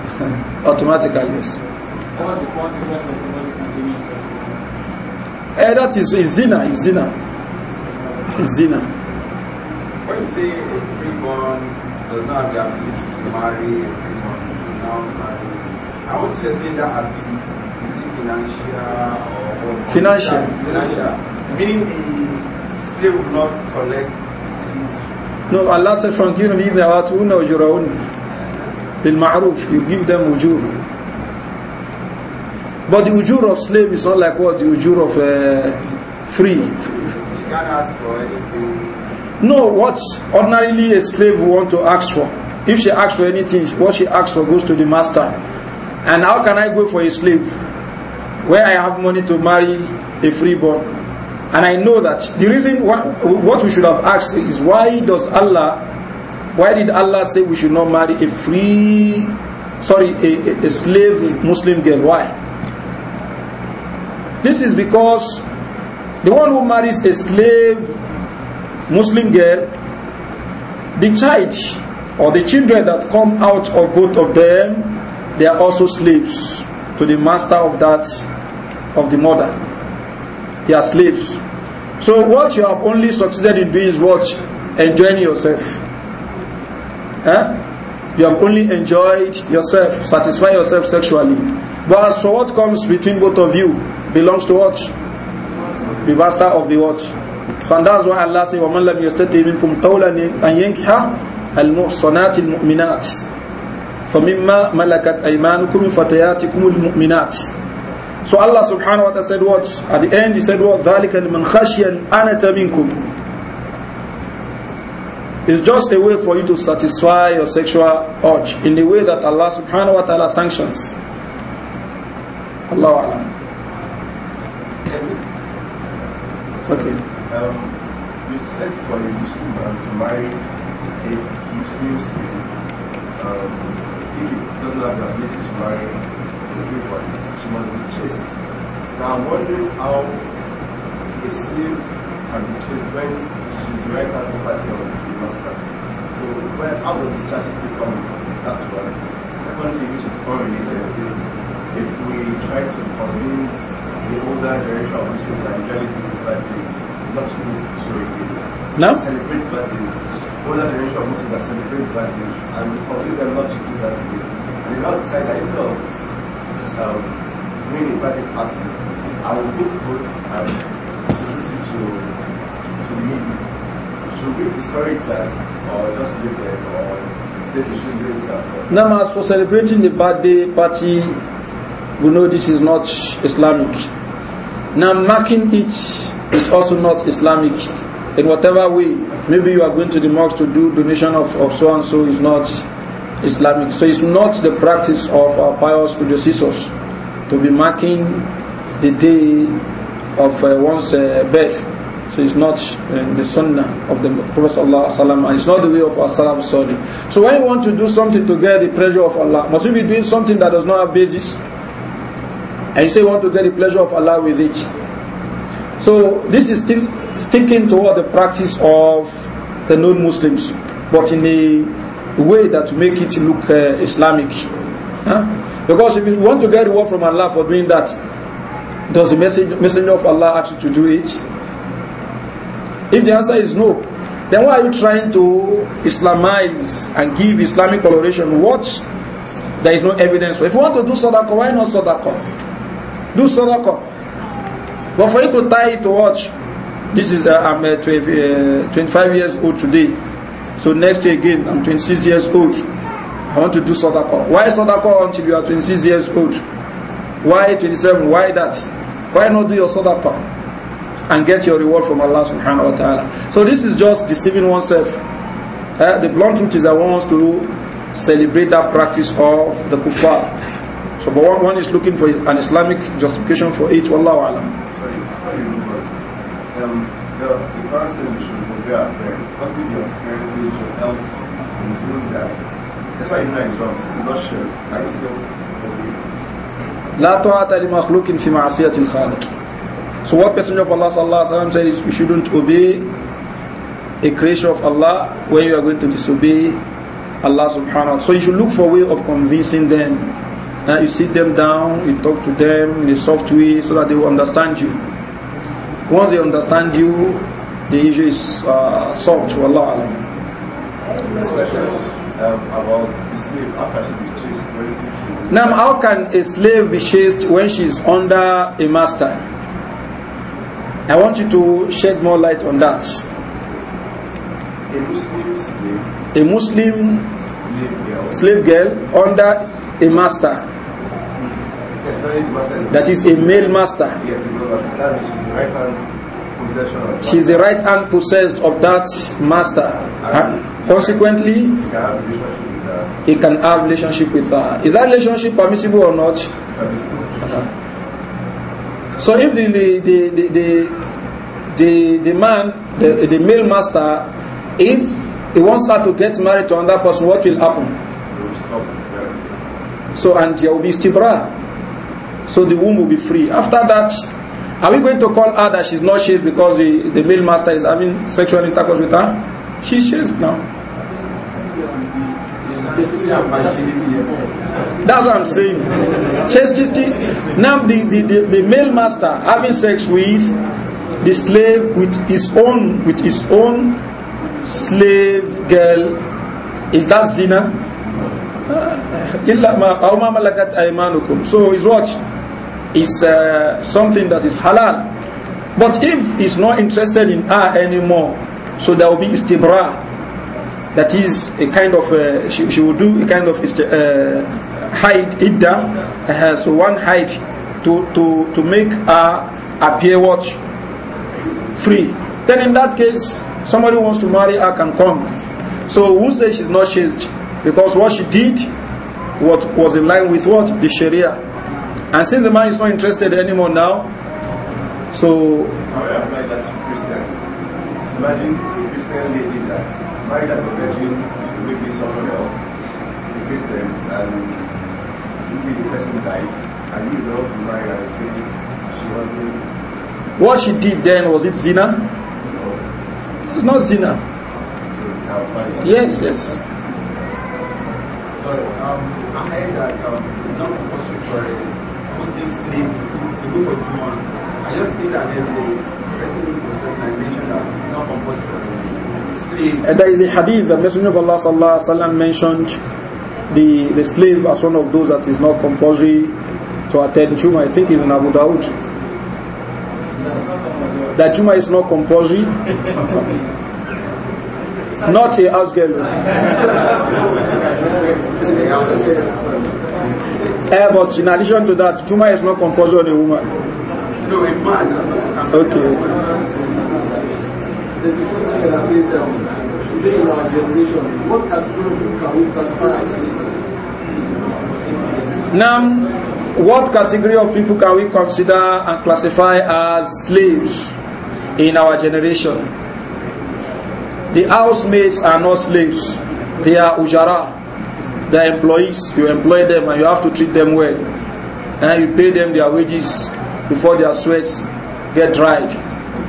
automatically. Yes. What the of somebody continues Uh, that is, is zina, is zina, is zina. When you say a freeborn does not have the ability to marry a freeborn, to now marry, how would you explain that ability? Is it financial or what? Financial. Financial. Meaning the slave will not collect No, Allah said, from you, you give them ujur. But the ujur of slave is not like what the ujur of uh, free. No, what ordinarily a slave want to ask for. If she asks for anything, what she asks for goes to the master. And how can I go for a slave where I have money to marry a freeborn? And I know that the reason why, what we should have asked is why does Allah, why did Allah say we should not marry a free, sorry, a, a slave Muslim girl? Why? This is because the one who marries a slave Muslim girl, the child or the children that come out of both of them, they are also slaves to the master of that, of the mother. They are slaves. So what you have only succeeded in doing is what? Enjoying yourself. Eh? You have only enjoyed yourself, satisfy yourself sexually. But as for what comes between both of you, belongs to what? The master of the what? So and that's why Allah says, وَمَنْ لَمْ يَسْتَتِي مِنْكُمْ طَوْلًا أَنْ يَنْكِحَ الْمُحْصَنَاتِ الْمُؤْمِنَاتِ فَمِمَّا مَلَكَتْ أَيْمَانُكُمْ فَتَيَاتِكُمُ الْمُؤْمِنَاتِ So Allah subhanahu wa ta'ala said what? At the end he said what? ذَلِكَ لِمَنْ خَشِيَ الْأَنَةَ مِنْكُمْ It's just a way for you to satisfy your sexual urge in the way that Allah subhanahu wa ta'ala sanctions. Allah Allah. Okay. Um, you said for a Muslim man to marry a Muslim slave, um, if doesn't have the ability to marry a she must be chaste. Now I'm wondering how a slave can be chaste when she's the right hand property of the master. So where how does chastity come That's one. Secondly, which is unrelated, is if we try to convince the No? Celebrate birthdays. Older generation of Muslims are celebrating birthdays, and forbid them not to do that today. And they now decide that instead of um, doing a birthday party, I will cook food and distribute it to, to the needy. Should we discourage that, or just leave it, or say they should do it Now, as for celebrating the birthday party, we know this is not Islamic. Now marking it is also not Islamic in whatever way. Maybe you are going to the mosque to do donation of, of so and so is not Islamic. So it's not the practice of our pious predecessors to be marking the day of uh, one's uh, birth. So it's not uh, the sunnah of the Prophet ﷺ and it's not the way of our Salaf Saudi. So when you want to do something to get the pleasure of Allah, must you be doing something that does not have basis? and you say you want to get the pleasure of Allah with it. So this is still sticking toward the practice of the non-Muslims, but in a way that make it look uh, Islamic. Huh? Because if you want to get reward from Allah for doing that, does the messenger of Allah ask you to do it? If the answer is no, then why are you trying to Islamize and give Islamic coloration what there is no evidence for? If you want to do sadaqah, why not sadaqah? do sadaqah. But for you to tie it to watch, this is, uh, I'm uh, 12, uh, 25 years old today. So next year again, I'm 26 years old. I want to do sadaqah. Why sadaqah until you are 26 years old? Why 27? Why that? Why not do your sadaqah? And get your reward from Allah subhanahu wa ta'ala. So this is just deceiving oneself. Uh, the blunt truth is I want us to celebrate that practice of the kuffar. So, but one, one is looking for an Islamic justification for it, Wallahu Alam. So it's um, the, person should obey our parents. if your parents should help improve that? That's why you know it's wrong. it's not sure, still So what Messenger of Allah sallallahu said is you shouldn't obey a creation of Allah when you are going to disobey Allah subhanahu wa ta'ala. So you should look for a way of convincing them uh, you sit them down, you talk to them in a soft way so that they will understand you. Once they understand you, the issue is uh, solved to Allah. Um, about slave now, how can a slave be chased when she is under a master? I want you to shed more light on that. A Muslim slave. A Muslim slave girl, slave girl under a master that is a male master. Yes, is the right hand possessed of that master. And consequently, he can have relationship with her. Is that relationship permissible or not? So if the the the the, the, the man, the, the male master, if he wants her to get married to another person, what will happen? So and there will be istibra. so the womb will be free. After that, are we going to call her that she's not chaste because the, the male master is having sexual intercourse with her? She's chaste now. That's what I'm saying. Chastity. Now the, the, the, the male master having sex with the slave with his own with his own slave girl is that zina? Uh, so is what? is uh, something that is halal. But if he's not interested in her anymore, so there will be istibra. That is a kind of, uh, she, she, will do a kind of uh, hide, idda, uh, so one hide to, to, to make her appear what? Free. Then in that case, somebody wants to marry her can come. So who says she's not changed? Because what she did what was in line with what? The Sharia. And since the man is not interested anymore now, so. How do you apply that to Christians? Imagine a Christian lady that married as a virgin to maybe someone else, a Christian, and maybe the person died, and you love to marry and say she wasn't. What she did then, was it zina? It was not zina. Yes, yes. So um, I heard that um, some of us were. Muslims claim to go for Juma. I just stayed at their place. And there is a hadith that Messenger of Allah sallallahu alaihi wasallam mentioned the the slave as one of those that is not compulsory to attend Juma. I think it's in Abu Dawud. That Juma is not compulsory. not a house girl. Eh, but in addition to that, Juma is not composed on a woman. No, a man. Okay, okay. There's Now, um, what category of people can we consider and classify as slaves in our generation? The housemaids are not slaves, they are ujara. their employees, you employ them and you have to treat them well. And you pay them their wages before their sweats get dried.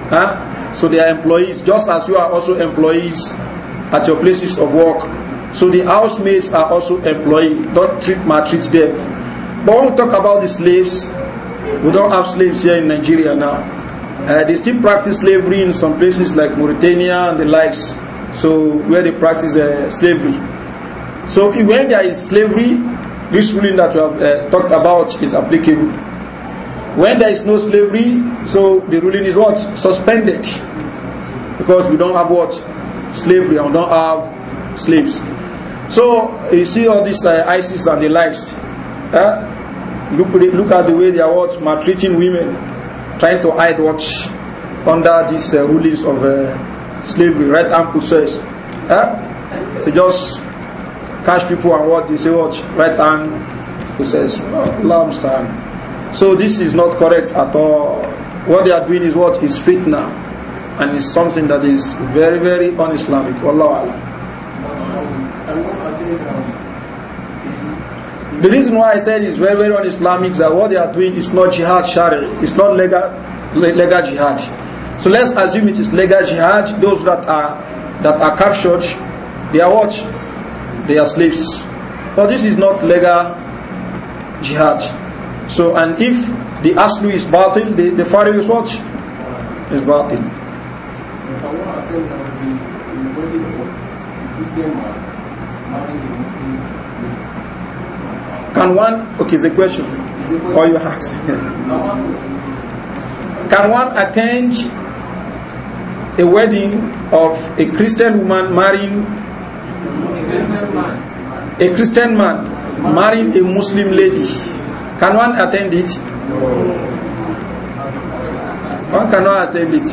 Huh? So they are employees, just as you are also employees at your places of work. So the housemaids are also employees. Don't treat maltreat them. But when we talk about the slaves, we don't have slaves here in Nigeria now. Uh, they still practice slavery in some places like Mauritania and the likes. So where they practice uh, slavery. So when there is slavery, this ruling that we have uh, talked about is applicable. When there is no slavery, so the ruling is what? Suspended. Because we don't have what? Slavery, and don't have slaves. So you see all these uh, ISIS and the likes. Uh, look, look at the way they are what? Maltreating women, trying to hide what? Under these uh, rulings of uh, slavery, right and possess. Uh, so just catch people and what they say, watch right hand, He says oh, left hand. So this is not correct at all. What they are doing is what is fitna, and it's something that is very, very un-Islamic. Wallahu alam. The reason why I said it's very, very un-Islamic is that what they are doing is not jihad shari, it's not legal, legal jihad. So let's assume it is legal jihad. Those that are that are captured, they are what they are slaves. But this is not legal jihad. So, and if the aslu is batil, the, the faru is what? Is batil. Can one, okay, the question, or you ask. Can one attend a wedding of a Christian woman marrying A Christian man marrying a Muslim lady, can one attend it? One cannot attend it.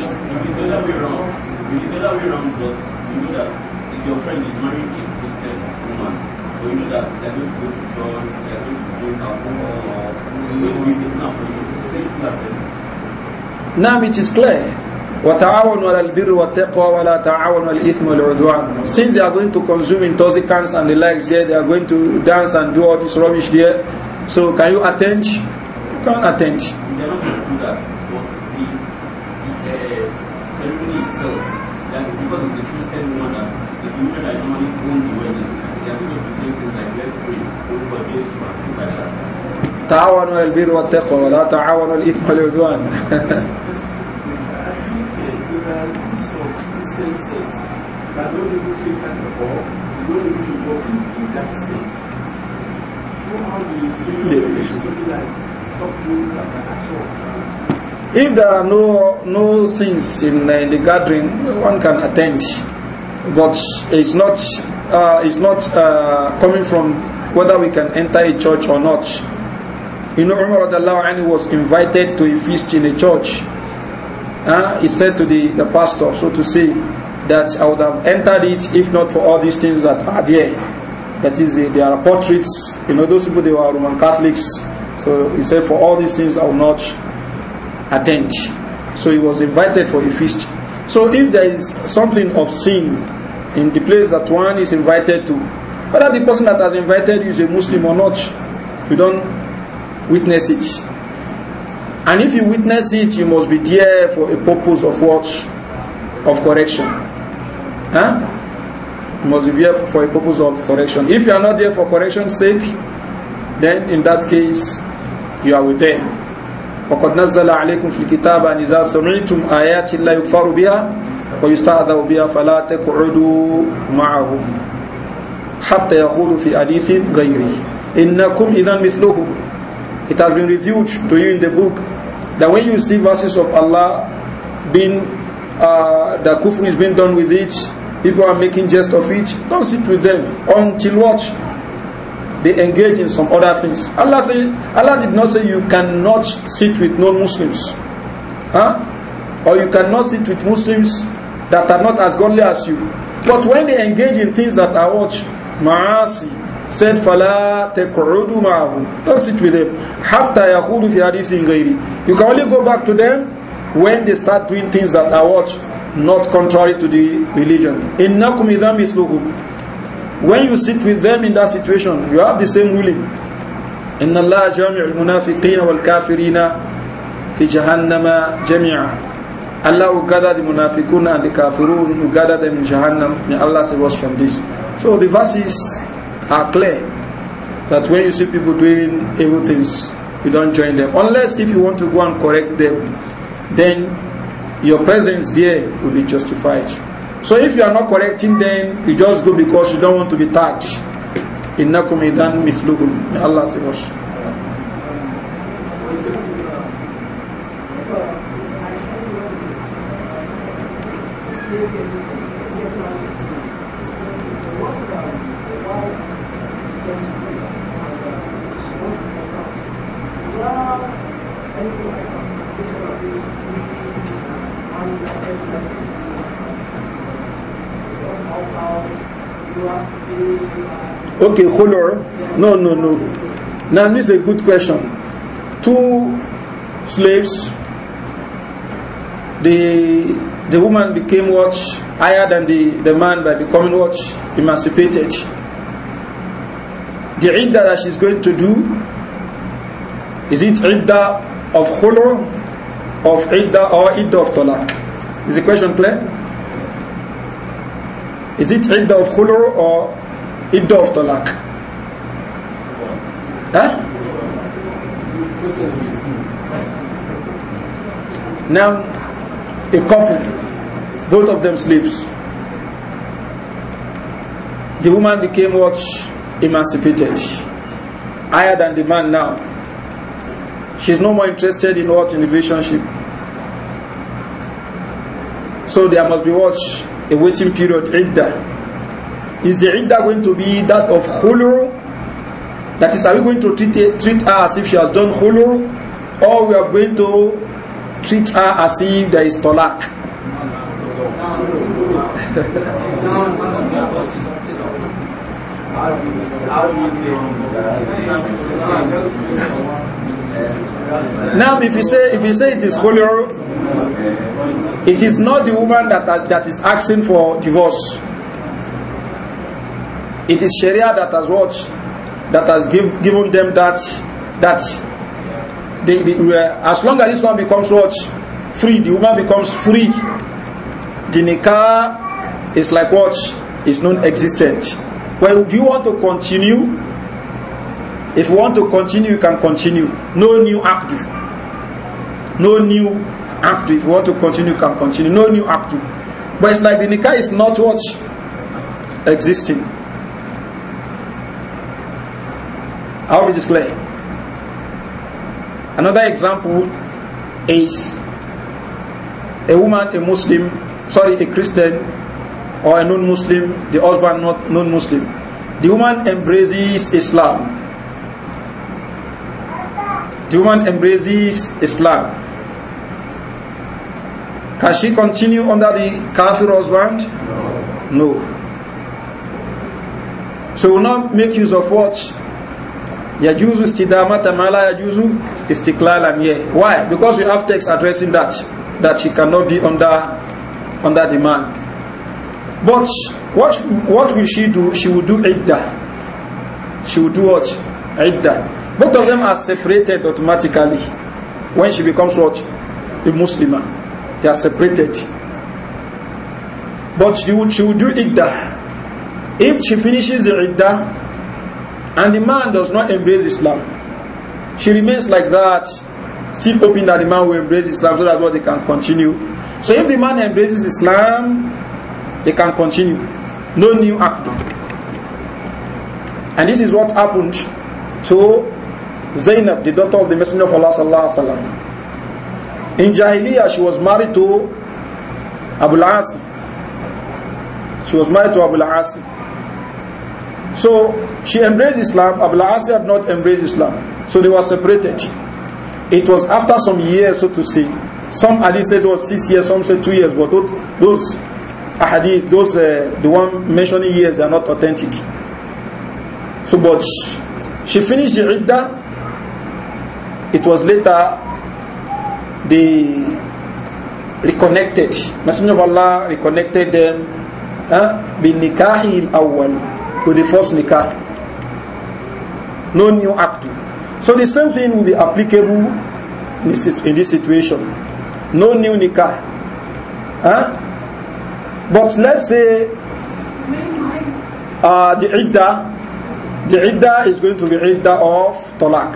Your friend is marrying a Christian woman, Now it is clear وتعاونوا على البر والتقوى ولا تعاونوا على الإثم والعدوان since they are going to consume intoxicants and the likes there they are going to dance and do all this rubbish there so can you attend you can't attend تعاونوا على البر والتقوى ولا تعاونوا على الإثم والعدوان um, so Christian are not able to impact the ball, are not able to in, in that sin. the something like stop doing all. Uh, if there are no no sins in, uh, in the gathering, one can attend, but it's not uh, it's not uh, coming from whether we can enter a church or not. You know, Umar was invited to a feast in a church uh, he said to the, the pastor, so to say, that I would have entered it if not for all these things that are there. That is, eh, there are portraits. You know, those people, they were Roman Catholics. So he said, for all these things, I will not attend. So he was invited for a feast. So if there is something of sin in the place that one is invited to, whether the person that has invited you is a Muslim or not, you don't witness it. And if you witness it, you must be there for a purpose of what? Of correction. Huh? You must be there for a purpose of correction. If you are not there for correction's sake, then in that case, you are with them. وقد نزل عليكم في الكتاب أن إذا سمعتم آيات الله يكفر بها ويستعذب بها فلا تقعدوا معهم حتى يخوضوا في حديث غيره إنكم إذا مثلهم It has been revealed to you in the book That when you see verses of Allah being, uh, that kufr is being done with it, people are making jest of it, don't sit with them until what? They engage in some other things. Allah says, Allah did not say you cannot sit with non-Muslims. Huh? Or you cannot sit with Muslims that are not as godly as you. But when they engage in things that are what? Ma'asi, said فَلَا تَقْعُدُ مَعَهُمْ Don't sit with them حَتَّى يَخُودُ فِي حَدِيثٍ غَيْرِ You can only go back to them when they start doing things that are what? Not contrary to the religion. إِنَّكُمْ إِذَا مِثْلُهُمْ When you sit with them in that situation, you have the same ruling. Inna Allah إِنَّ اللَّهَ جَامِعُ الْمُنَافِقِينَ وَالْكَافِرِينَ فِي جَهَنَّمَ jami'a. Allah will gather the munafiqun and the kafirun will gather them in Jahannam. May Allah save us from this. So the verses are clear that when you see people doing evil things, you don't join them. Unless if you want to go and correct them, then your presence there will be justified. So if you are not correcting them, you just go because you don't want to be touched. إنكم إذا مثلكم May Allah Thank you. Okay, khulur. No, no, no. Now this is a good question. Two slaves. The the woman became watch higher than the the man by becoming watch emancipated the iddah that she's going to do, is it iddah of khulu, of iddah or iddah of talaq? Is the question clear? Is it iddah of khulu or iddah of talaq? Huh? Now, a couple, both of them sleeps. The woman became what? emancipated, higher than the man now. She's no more interested in what in relationship. So there must be what a waiting period, idda. Is the idda going to be that of khulu? That is, are we going to treat, treat her as if she has done khulu, or we are going to treat her as if there is talak? Now, if you say if you say it is holy, it is not the woman that that is asking for divorce. It is Sharia that has what that has give, given them that that they, they, uh, as long as this one becomes what free, the woman becomes free. The nikah is like what is non-existent. Well, do you want to continue? If you want to continue, you can continue. No new abdu. No new abdu. If you want to continue, you can continue. No new abdu. But it's like the nikah is not what existing. I hope it is clear. Another example is a woman, a Muslim, sorry, a Christian or a non-Muslim, the husband not non-Muslim. The woman embraces Islam. The woman embraces Islam. Can she continue under the kafir husband? No. So So will not make use of what? Yajuzu istidamata mala yajuzu ye. Why? Because we have text addressing that. That she cannot be under under the man. But what, what will she do? She will do iddah. She will do what? Iddah. Both of them are separated automatically when she becomes what? A Muslimah. They are separated. But she will, she will do iddah. If she finishes the iddah and the man does not embrace Islam, she remains like that still hoping that the man will embrace Islam so that what they can continue. So if the man embraces Islam, They can continue. No new act. And this is what happened to Zainab, the daughter of the Messenger of Allah sallallahu alaihi wasallam. In Jahiliyyah, she was married to Abu Asi. She was married to Abu Asi. So she embraced Islam. Abu Asi had not embraced Islam. So they were separated. It was after some years, so to say. Some hadith said it was six years, some said two years, but those ahadith, those uh, the one mentioning years are not authentic. So, but she finished the iddah. It was later they reconnected. Messenger of Allah reconnected them uh, bin nikahi awwal with the first nikah. No new act. So the same thing will be applicable in this, in this situation. No new nikah. Huh? But let's say uh, the idda, the idda is going to be idda of talak,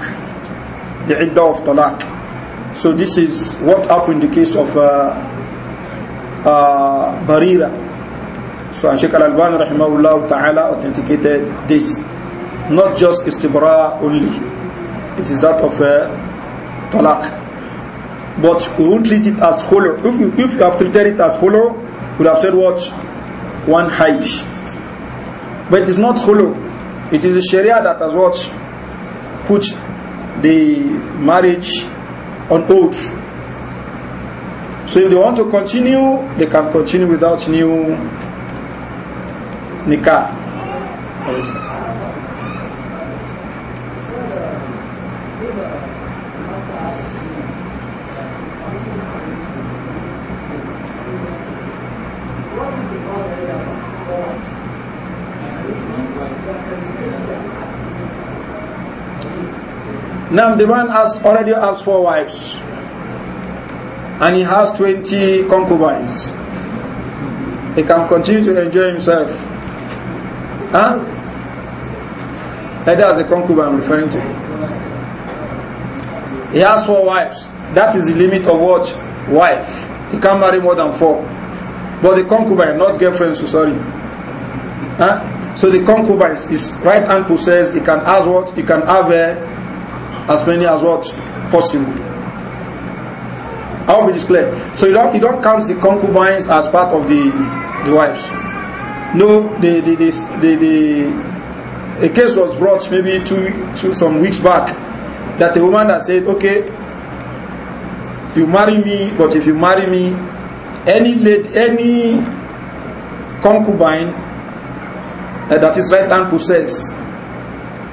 the idda of talak. So this is what happened in the case of uh, uh, Barira. So Sheikh Al-Albani rahimahullah ta'ala authenticated this. Not just istibra only. It is that of uh, talak. But we won't treat it as hollow. If, if you have treated it as hollow, would have said what? One hide. But it is not hollow. It is the Sharia that has what? Put the marriage on hold. So if they want to continue, they can continue without new nikah. Now the man has already has four wives and he has 20 concubines. He can continue to enjoy himself. Huh? That is a concubine I'm referring to. He has four wives. That is the limit of what wife. He can marry more than four. But the concubine, not girlfriend, so sorry. Huh? So the concubine is right hand possessed. He can ask what? He can have a uh, as many as what possible I'll be it clear so you don't, you don't count the concubines as part of the, the wives no the, the, the, the, the a case was brought maybe two, two some weeks back that a woman that said okay you marry me but if you marry me any late any concubine uh, that is right hand possess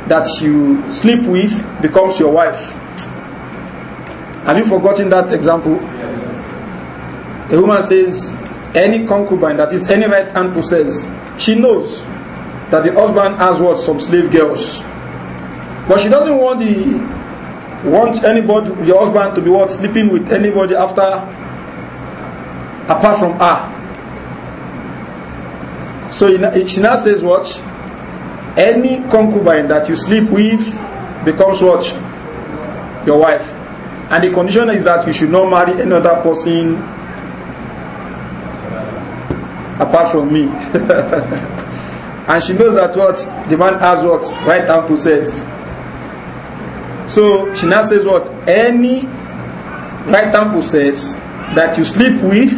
that you sleep with becomes your wife. Have you forgotten that example? A woman says, any concubine, that is any right hand possess, she knows that the husband has what some slave girls. But she doesn't want the want anybody your husband to be what sleeping with anybody after apart from her. So she now says what any concubine that you sleep with becomes what? Your wife. And the condition is that you should not marry any other person apart from me. and she knows that what? The man has what? Right and possessed. So she now says what? Any right hand possess that you sleep with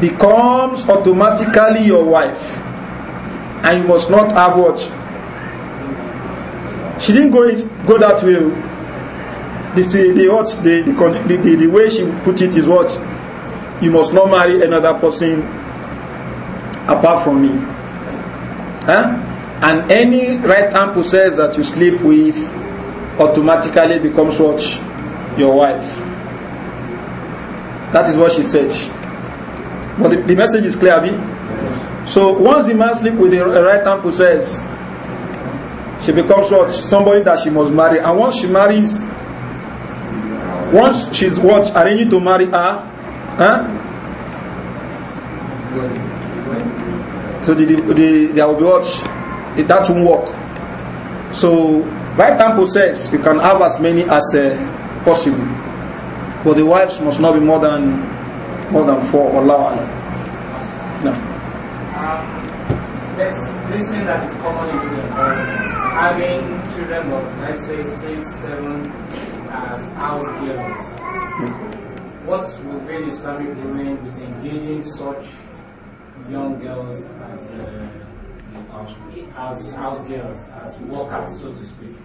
becomes automatically your wife and you must not have what. She didn't go it, go that way. The, the, what, the, the, the, the way she put it is what? You must not marry another person apart from me. Huh? And any right hand possess that you sleep with automatically becomes what? Your wife. That is what she said. But the, the message is clear, Abby. So once the man sleeps with a right hand possess, she becomes what? Somebody that she must marry. And once she marries, once she's what? Arranging to marry her, huh? So the, the, there will be what? That won't work. So right hand possess, you can have as many as uh, possible. But the wives must not be more than more than four or lower. this, this that is common is uh, having children of, let's say, six, seven as house girls. What will be the Islamic remain with engaging such young girls as, uh, as house girls, as workers, so to speak?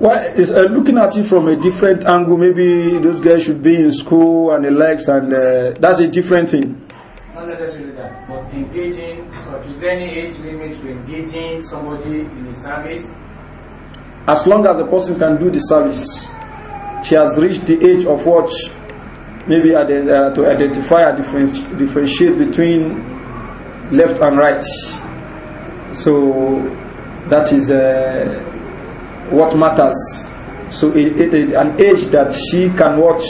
Well, is, uh, looking at it from a different angle, maybe those guys should be in school and the likes, and uh, that's a different thing not necessarily that, but engaging or is there any age limit to engaging somebody in the service? As long as the person can do the service, she has reached the age of what maybe uh, to identify or differentiate, differentiate between left and right. So that is uh, what matters. So it, it, it, an age that she can watch,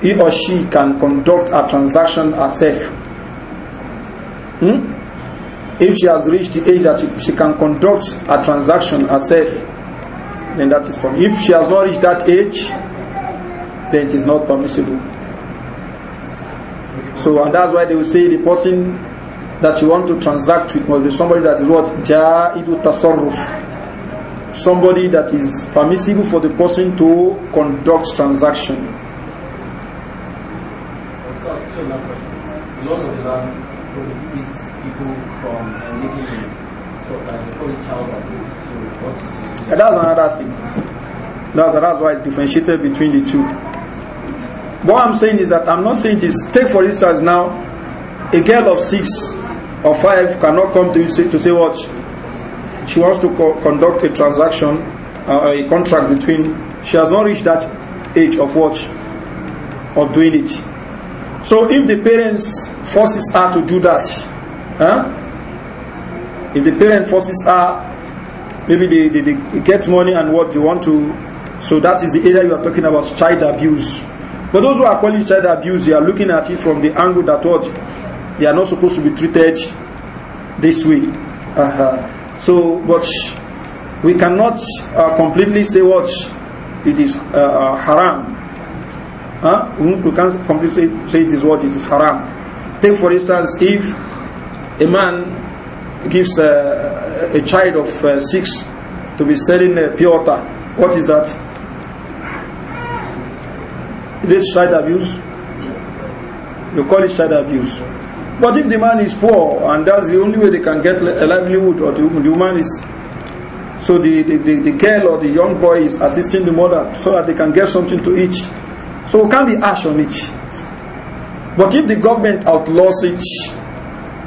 he or she can conduct a transaction herself Hmm? If she has reached the age that she, can conduct a transaction herself, then that is permissible. If she has not reached that age, then it is not permissible. So, and that's why they will say the person that you want to transact with must be somebody that is what? Ja'idu tasarruf. Somebody that is permissible for the person to conduct transaction from a living in so what is That's another thing. That's, that's why I differentiated between the two. What I'm saying is that I'm not saying this. Take for instance now, a girl of six or five cannot come to you say, to say what she wants to co conduct a transaction, uh, a contract between. She has not reached that age of what of doing it. So if the parents forces her to do that, Huh? If the parent forces are, maybe they, they, they get money and what they want to, so that is the area you are talking about child abuse. But those who are calling child abuse, they are looking at it from the angle that what they are not supposed to be treated this way. Uh -huh. So, but we cannot uh, completely say what it is uh, uh, haram. Huh? We can't completely say, say it is what it is haram. Take for instance, if a man gives a child of uh, six to be selling a uh, pure water, what is that? Is it child abuse? You call it child abuse. But if the man is poor and that's the only way they can get a livelihood, or the, the woman is so the, the, the, the, girl or the young boy is assisting the mother so that they can get something to eat. So it can't be harsh on it. But if the government outlaws it,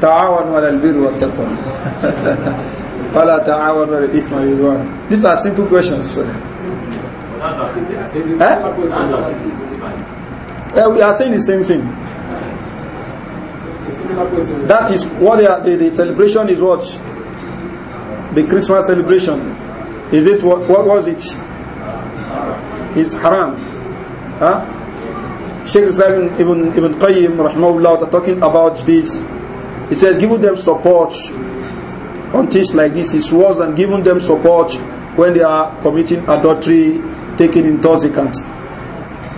تعاونوا على البر والتقوى ولا تعاونوا على الاثم والعدوان these are simple questions eh? we are saying the same thing that is what are, the, the celebration is what the christmas celebration is it what, what was it it's haram huh Sheikh Islam even Ibn Qayyim rahmahullah are talking about this. He said, giving them support on things like this is worse than giving them support when they are committing adultery, taking intoxicant.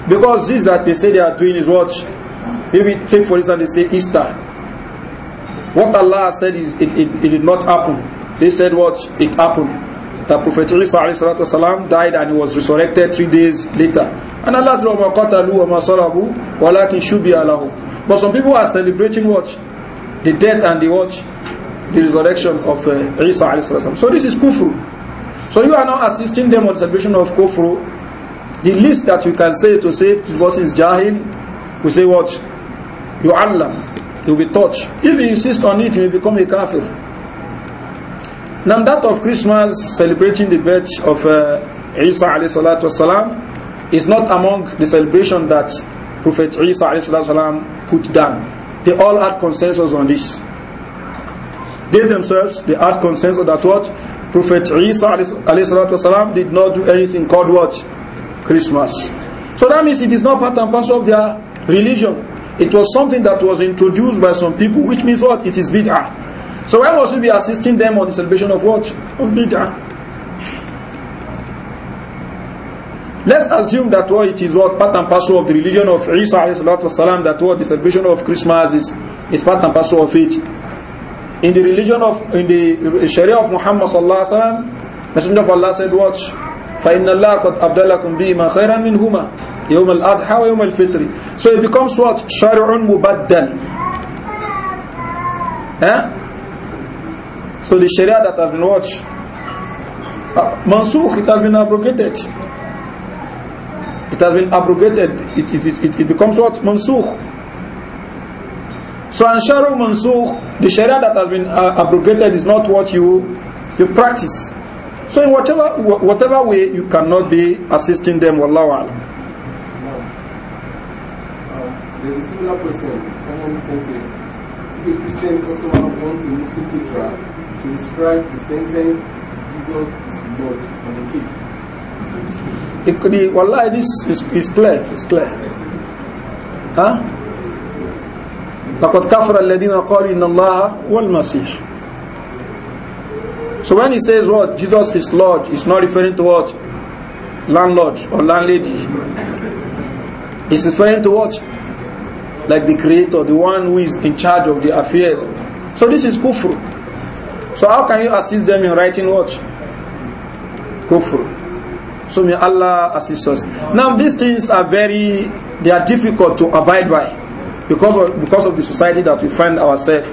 Because this that they say they are doing is what? Maybe take for instance they say Easter. What Allah said is it, it, it did not happen. They said what? It happened. that Prophet Isa والسلام, died and he was resurrected three days later. And Allah said, وَمَا قَتَلُوا وَمَا صَلَبُوا وَلَكِنْ شُبِيَ لَهُ But some people are celebrating what? The death and the what? The resurrection of uh, Isa والسلام. So this is kufru. So you are now assisting them on the celebration of kufru. The least that you can say to say the person is jahil, we say what? You Allah, you'll be taught. If you insist on it, you will become a kafir. Now that of Christmas celebrating the birth of uh, Isa alayhi salatu wasalam is not among the celebration that Prophet Isa alayhi salatu wasalam put down. They all had consensus on this. They themselves, they had consensus that what? Prophet Isa alayhi salatu wasalam did not do anything called what? Christmas. So that means it is not part and parcel of their religion. It was something that was introduced by some people, which means what? It is bid'ah. So why must we be assisting them on the celebration of what? Of bid'ah. Let's assume that what it is what part and parcel of the religion of Isa والسلام, that what the celebration of Christmas is, is part and parcel of it. In the religion of in the Sharia of Muhammad sallallahu Messenger of Allah said what? فَإِنَّ اللَّهَ قَدْ أَبْدَلَكُمْ بِهِمَا خَيْرًا مِنْهُمَا يَوْمَ الْأَضْحَى وَيَوْمَ الْفِطْرِ So it becomes what? شَارِعٌ مُبَدَّلٌ huh? So the Sharia that has been watched, uh, Mansukh, it has been abrogated. It has been abrogated. It, it, it, it becomes what? Mansukh. So Ansharu Mansukh, the Sharia that has been uh, abrogated is not what you, you practice. So in whatever, whatever way, you cannot be assisting them, Wallahu Alam. There's a similar Someone sent it. If a Christian customer wants a Muslim to describe the sentence Jesus is Lord on the cave. It could be, this is, clear, it's clear. Huh? لقد كفر الذين قالوا إن الله So when he says what? Jesus is Lord, he's not referring to what? Landlord or landlady. He's referring to what? Like the creator, the one who is in charge of the affairs. So this is kufr. So how can you assist them in writing what? Kufr. So may Allah assist us. Now these things are very, they are difficult to abide by because of, because of the society that we find ourselves.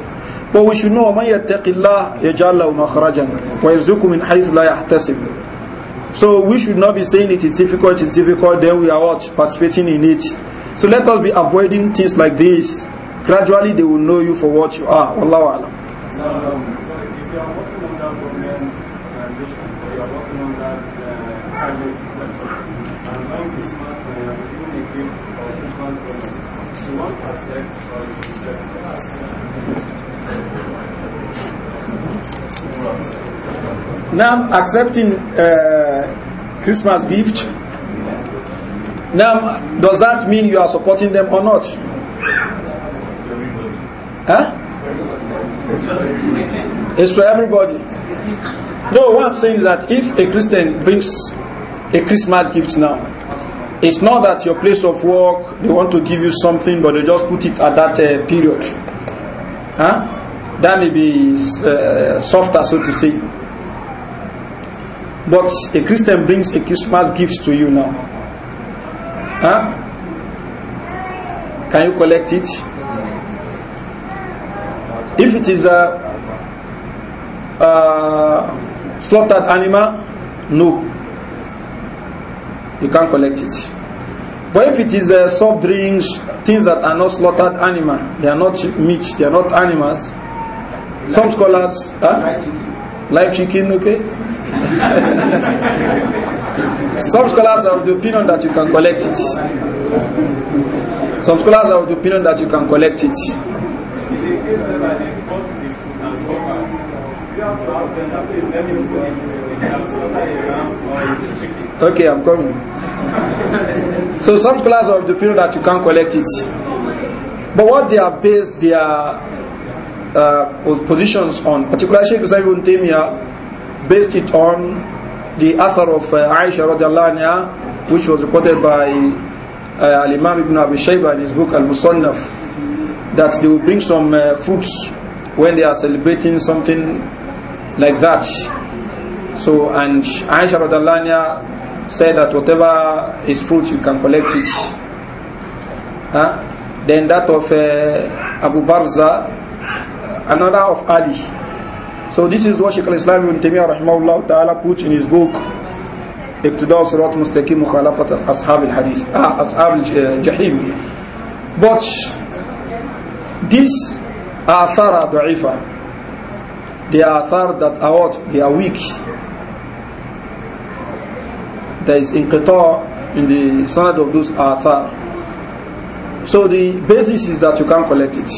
But we should know, وَمَنْ يَتَّقِ اللَّهِ يَجْعَلْ لَهُ مَخْرَجًا وَيَرْزُقُ مِنْ حَيْثُ لَا يَحْتَسِبُ so we should not be saying it is difficult, it is difficult, then we are what? Participating in it. So let us be avoiding things like this. Gradually they will know you for what you are. Wallahu alam are working on that government transition, or are working on that uh, private sector, and on Christmas, uh, you are giving a gift or Christmas bonus, you want to accept you reject that? Now, accepting uh, Christmas gift, now, does that mean you are supporting them or not? Huh? It's for everybody. No, what I'm saying is that if a Christian brings a Christmas gift now, it's not that your place of work, they want to give you something, but they just put it at that uh, period. Huh? That may be uh, softer, so to say. But a Christian brings a Christmas gift to you now. Huh? Can you collect it? If it is a uh, uh, slaughtered animal? No. You can't collect it. But if it is uh, soft drinks, things that are not slaughtered animal, they are not meat, they are not animals. Life Some scholars, huh? live chicken, live chicken okay. Some scholars are of the opinion that you can collect it. Some scholars are of the opinion that you can collect it. Okay, I'm coming. so some scholars of the opinion that you can't collect it. But what they are based their uh, positions on, particularly Sheikh Islam ibn Taymiyyah based it on the Asar of uh, Aisha radiallahu anha, which was reported by uh, Al-Imam ibn Abi Shayba in his book Al-Musannaf, that they will bring some uh, fruits when they are celebrating something like that. So, and Aisha Radalania said that whatever is fruit, you can collect it. Huh? Then that of uh, Abu Barza, another of Ali. So this is what Sheikh al-Islam ibn Taymiyyah rahimahullah ta'ala put in his book Mustaqim Mukhalafat Ashab al-Hadith, ah, Ashab al-Jahim. but these are ضعيفة They are athar that are what? They are weak. There is inqita in the sanad of those athar. So the basis is that you can't collect it.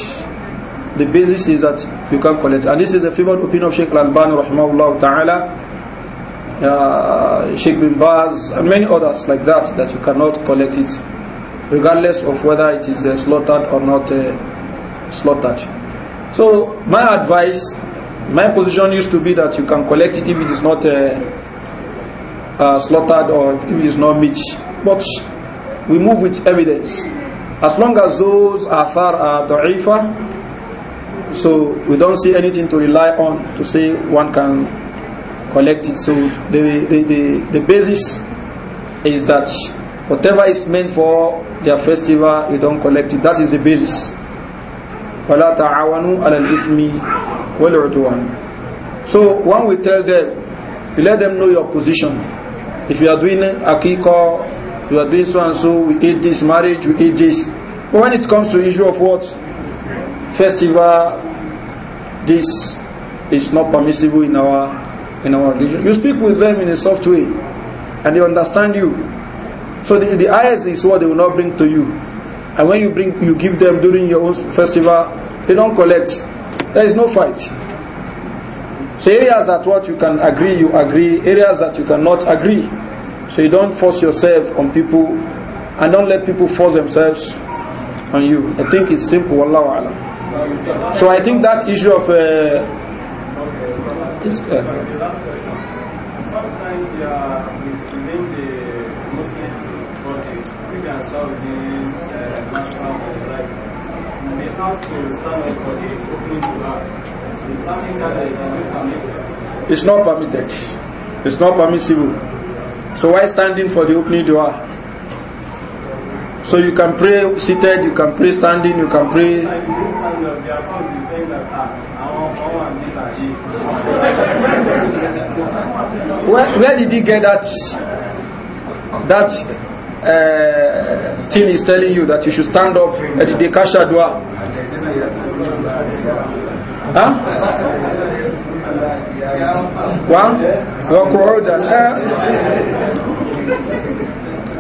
The basis is that you can't collect. And this is the favored opinion of Sheikh Al-Albani rahimahullah ta'ala uh, Sheikh bin Baz and many others like that that you cannot collect it regardless of whether it is uh, slaughtered or not uh, slaughtered so my advice my position used to be that you can collect it if it is not uh, uh, slaughtered or if it is not meat. But we move with evidence. As long as those athar are da'ifa, so we don't see anything to rely on to say one can collect it. So the, the, the, the basis is that whatever is meant for their festival, you don't collect it. That is the basis. والعدوان. So when we tell them, we let them know your position. If you are doing akiko, you are doing so and so, we eat this, marriage, we eat this. But when it comes to issue of what? Festival, this is not permissible in our in our religion. You speak with them in a soft way and they understand you. So the, the ayahs is what they will not bring to you. And when you bring you give them during your own festival, they don't collect. there is no fight. So areas that what you can agree, you agree. Areas that you cannot agree. So you don't force yourself on people and don't let people force themselves on you. I think it's simple, Wallahu So I think that issue of... Uh, is, uh, Sometimes they are within the Muslim It's not permitted. It's not permissible. So why standing for the opening dua? So you can pray seated, you can pray standing, you can pray. Where, where did he get that? That uh, thing is telling you that you should stand up at the Kasha Dua. Huh? One? Uh,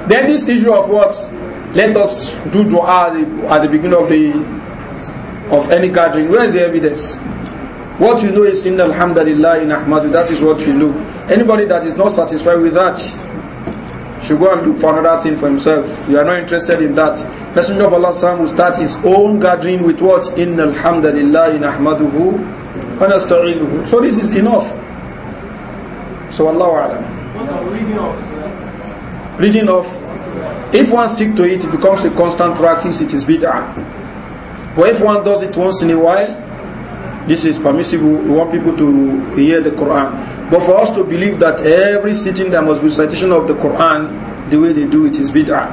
then this issue of what? Let us do dua at the beginning of the of any gathering. Where is the evidence? What you know is in alhamdulillah in ahmadu. That is what you know. Anybody that is not satisfied with that should go and look for another thing for himself. You are not interested in that. Messenger of Allah will start his own gathering with what? In alhamdulillah in ahmaduhu anasta'inuhu. So this is enough. So Allah alam. Reading off. If one stick to it, it becomes a constant practice, it is bid'ah. But if one does it once in a while, this is permissible. We want people to hear the Quran. But for us to believe that every sitting there must be citation of the Quran, the way they do it is bid'ah.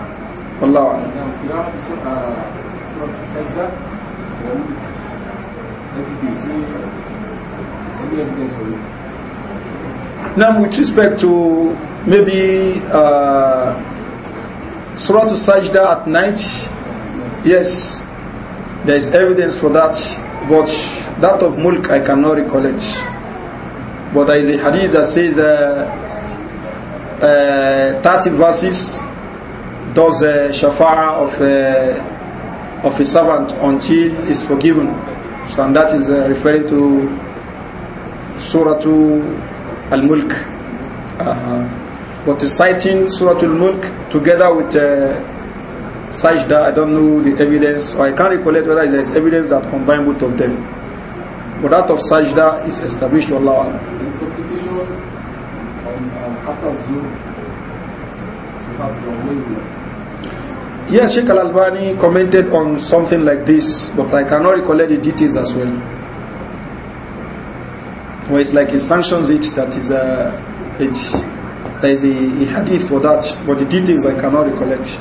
Allah. Uh, uh, now, with respect to maybe uh, Surah to Sajda at night, yes, there is evidence for that, but that of Mulk I cannot recollect. But there is a hadith that says uh, uh, 30 verses does a uh, shafa'a of, uh, of a servant until is forgiven. So, and that is uh, referring to Surah Al Mulk. Uh-huh. But citing Surah Al Mulk together with uh, Sajda, I don't know the evidence, or I can't recollect whether there is evidence that combine both of them. But that of sajda is established, Wallahu Allah. In um, after Zuhr, Yes, Sheikh Al Albani commented on something like this, but I cannot recollect the details as well. Well, it's like he sanctions it, that is a, uh, it, there is a, a hadith for that, but the details I cannot recollect.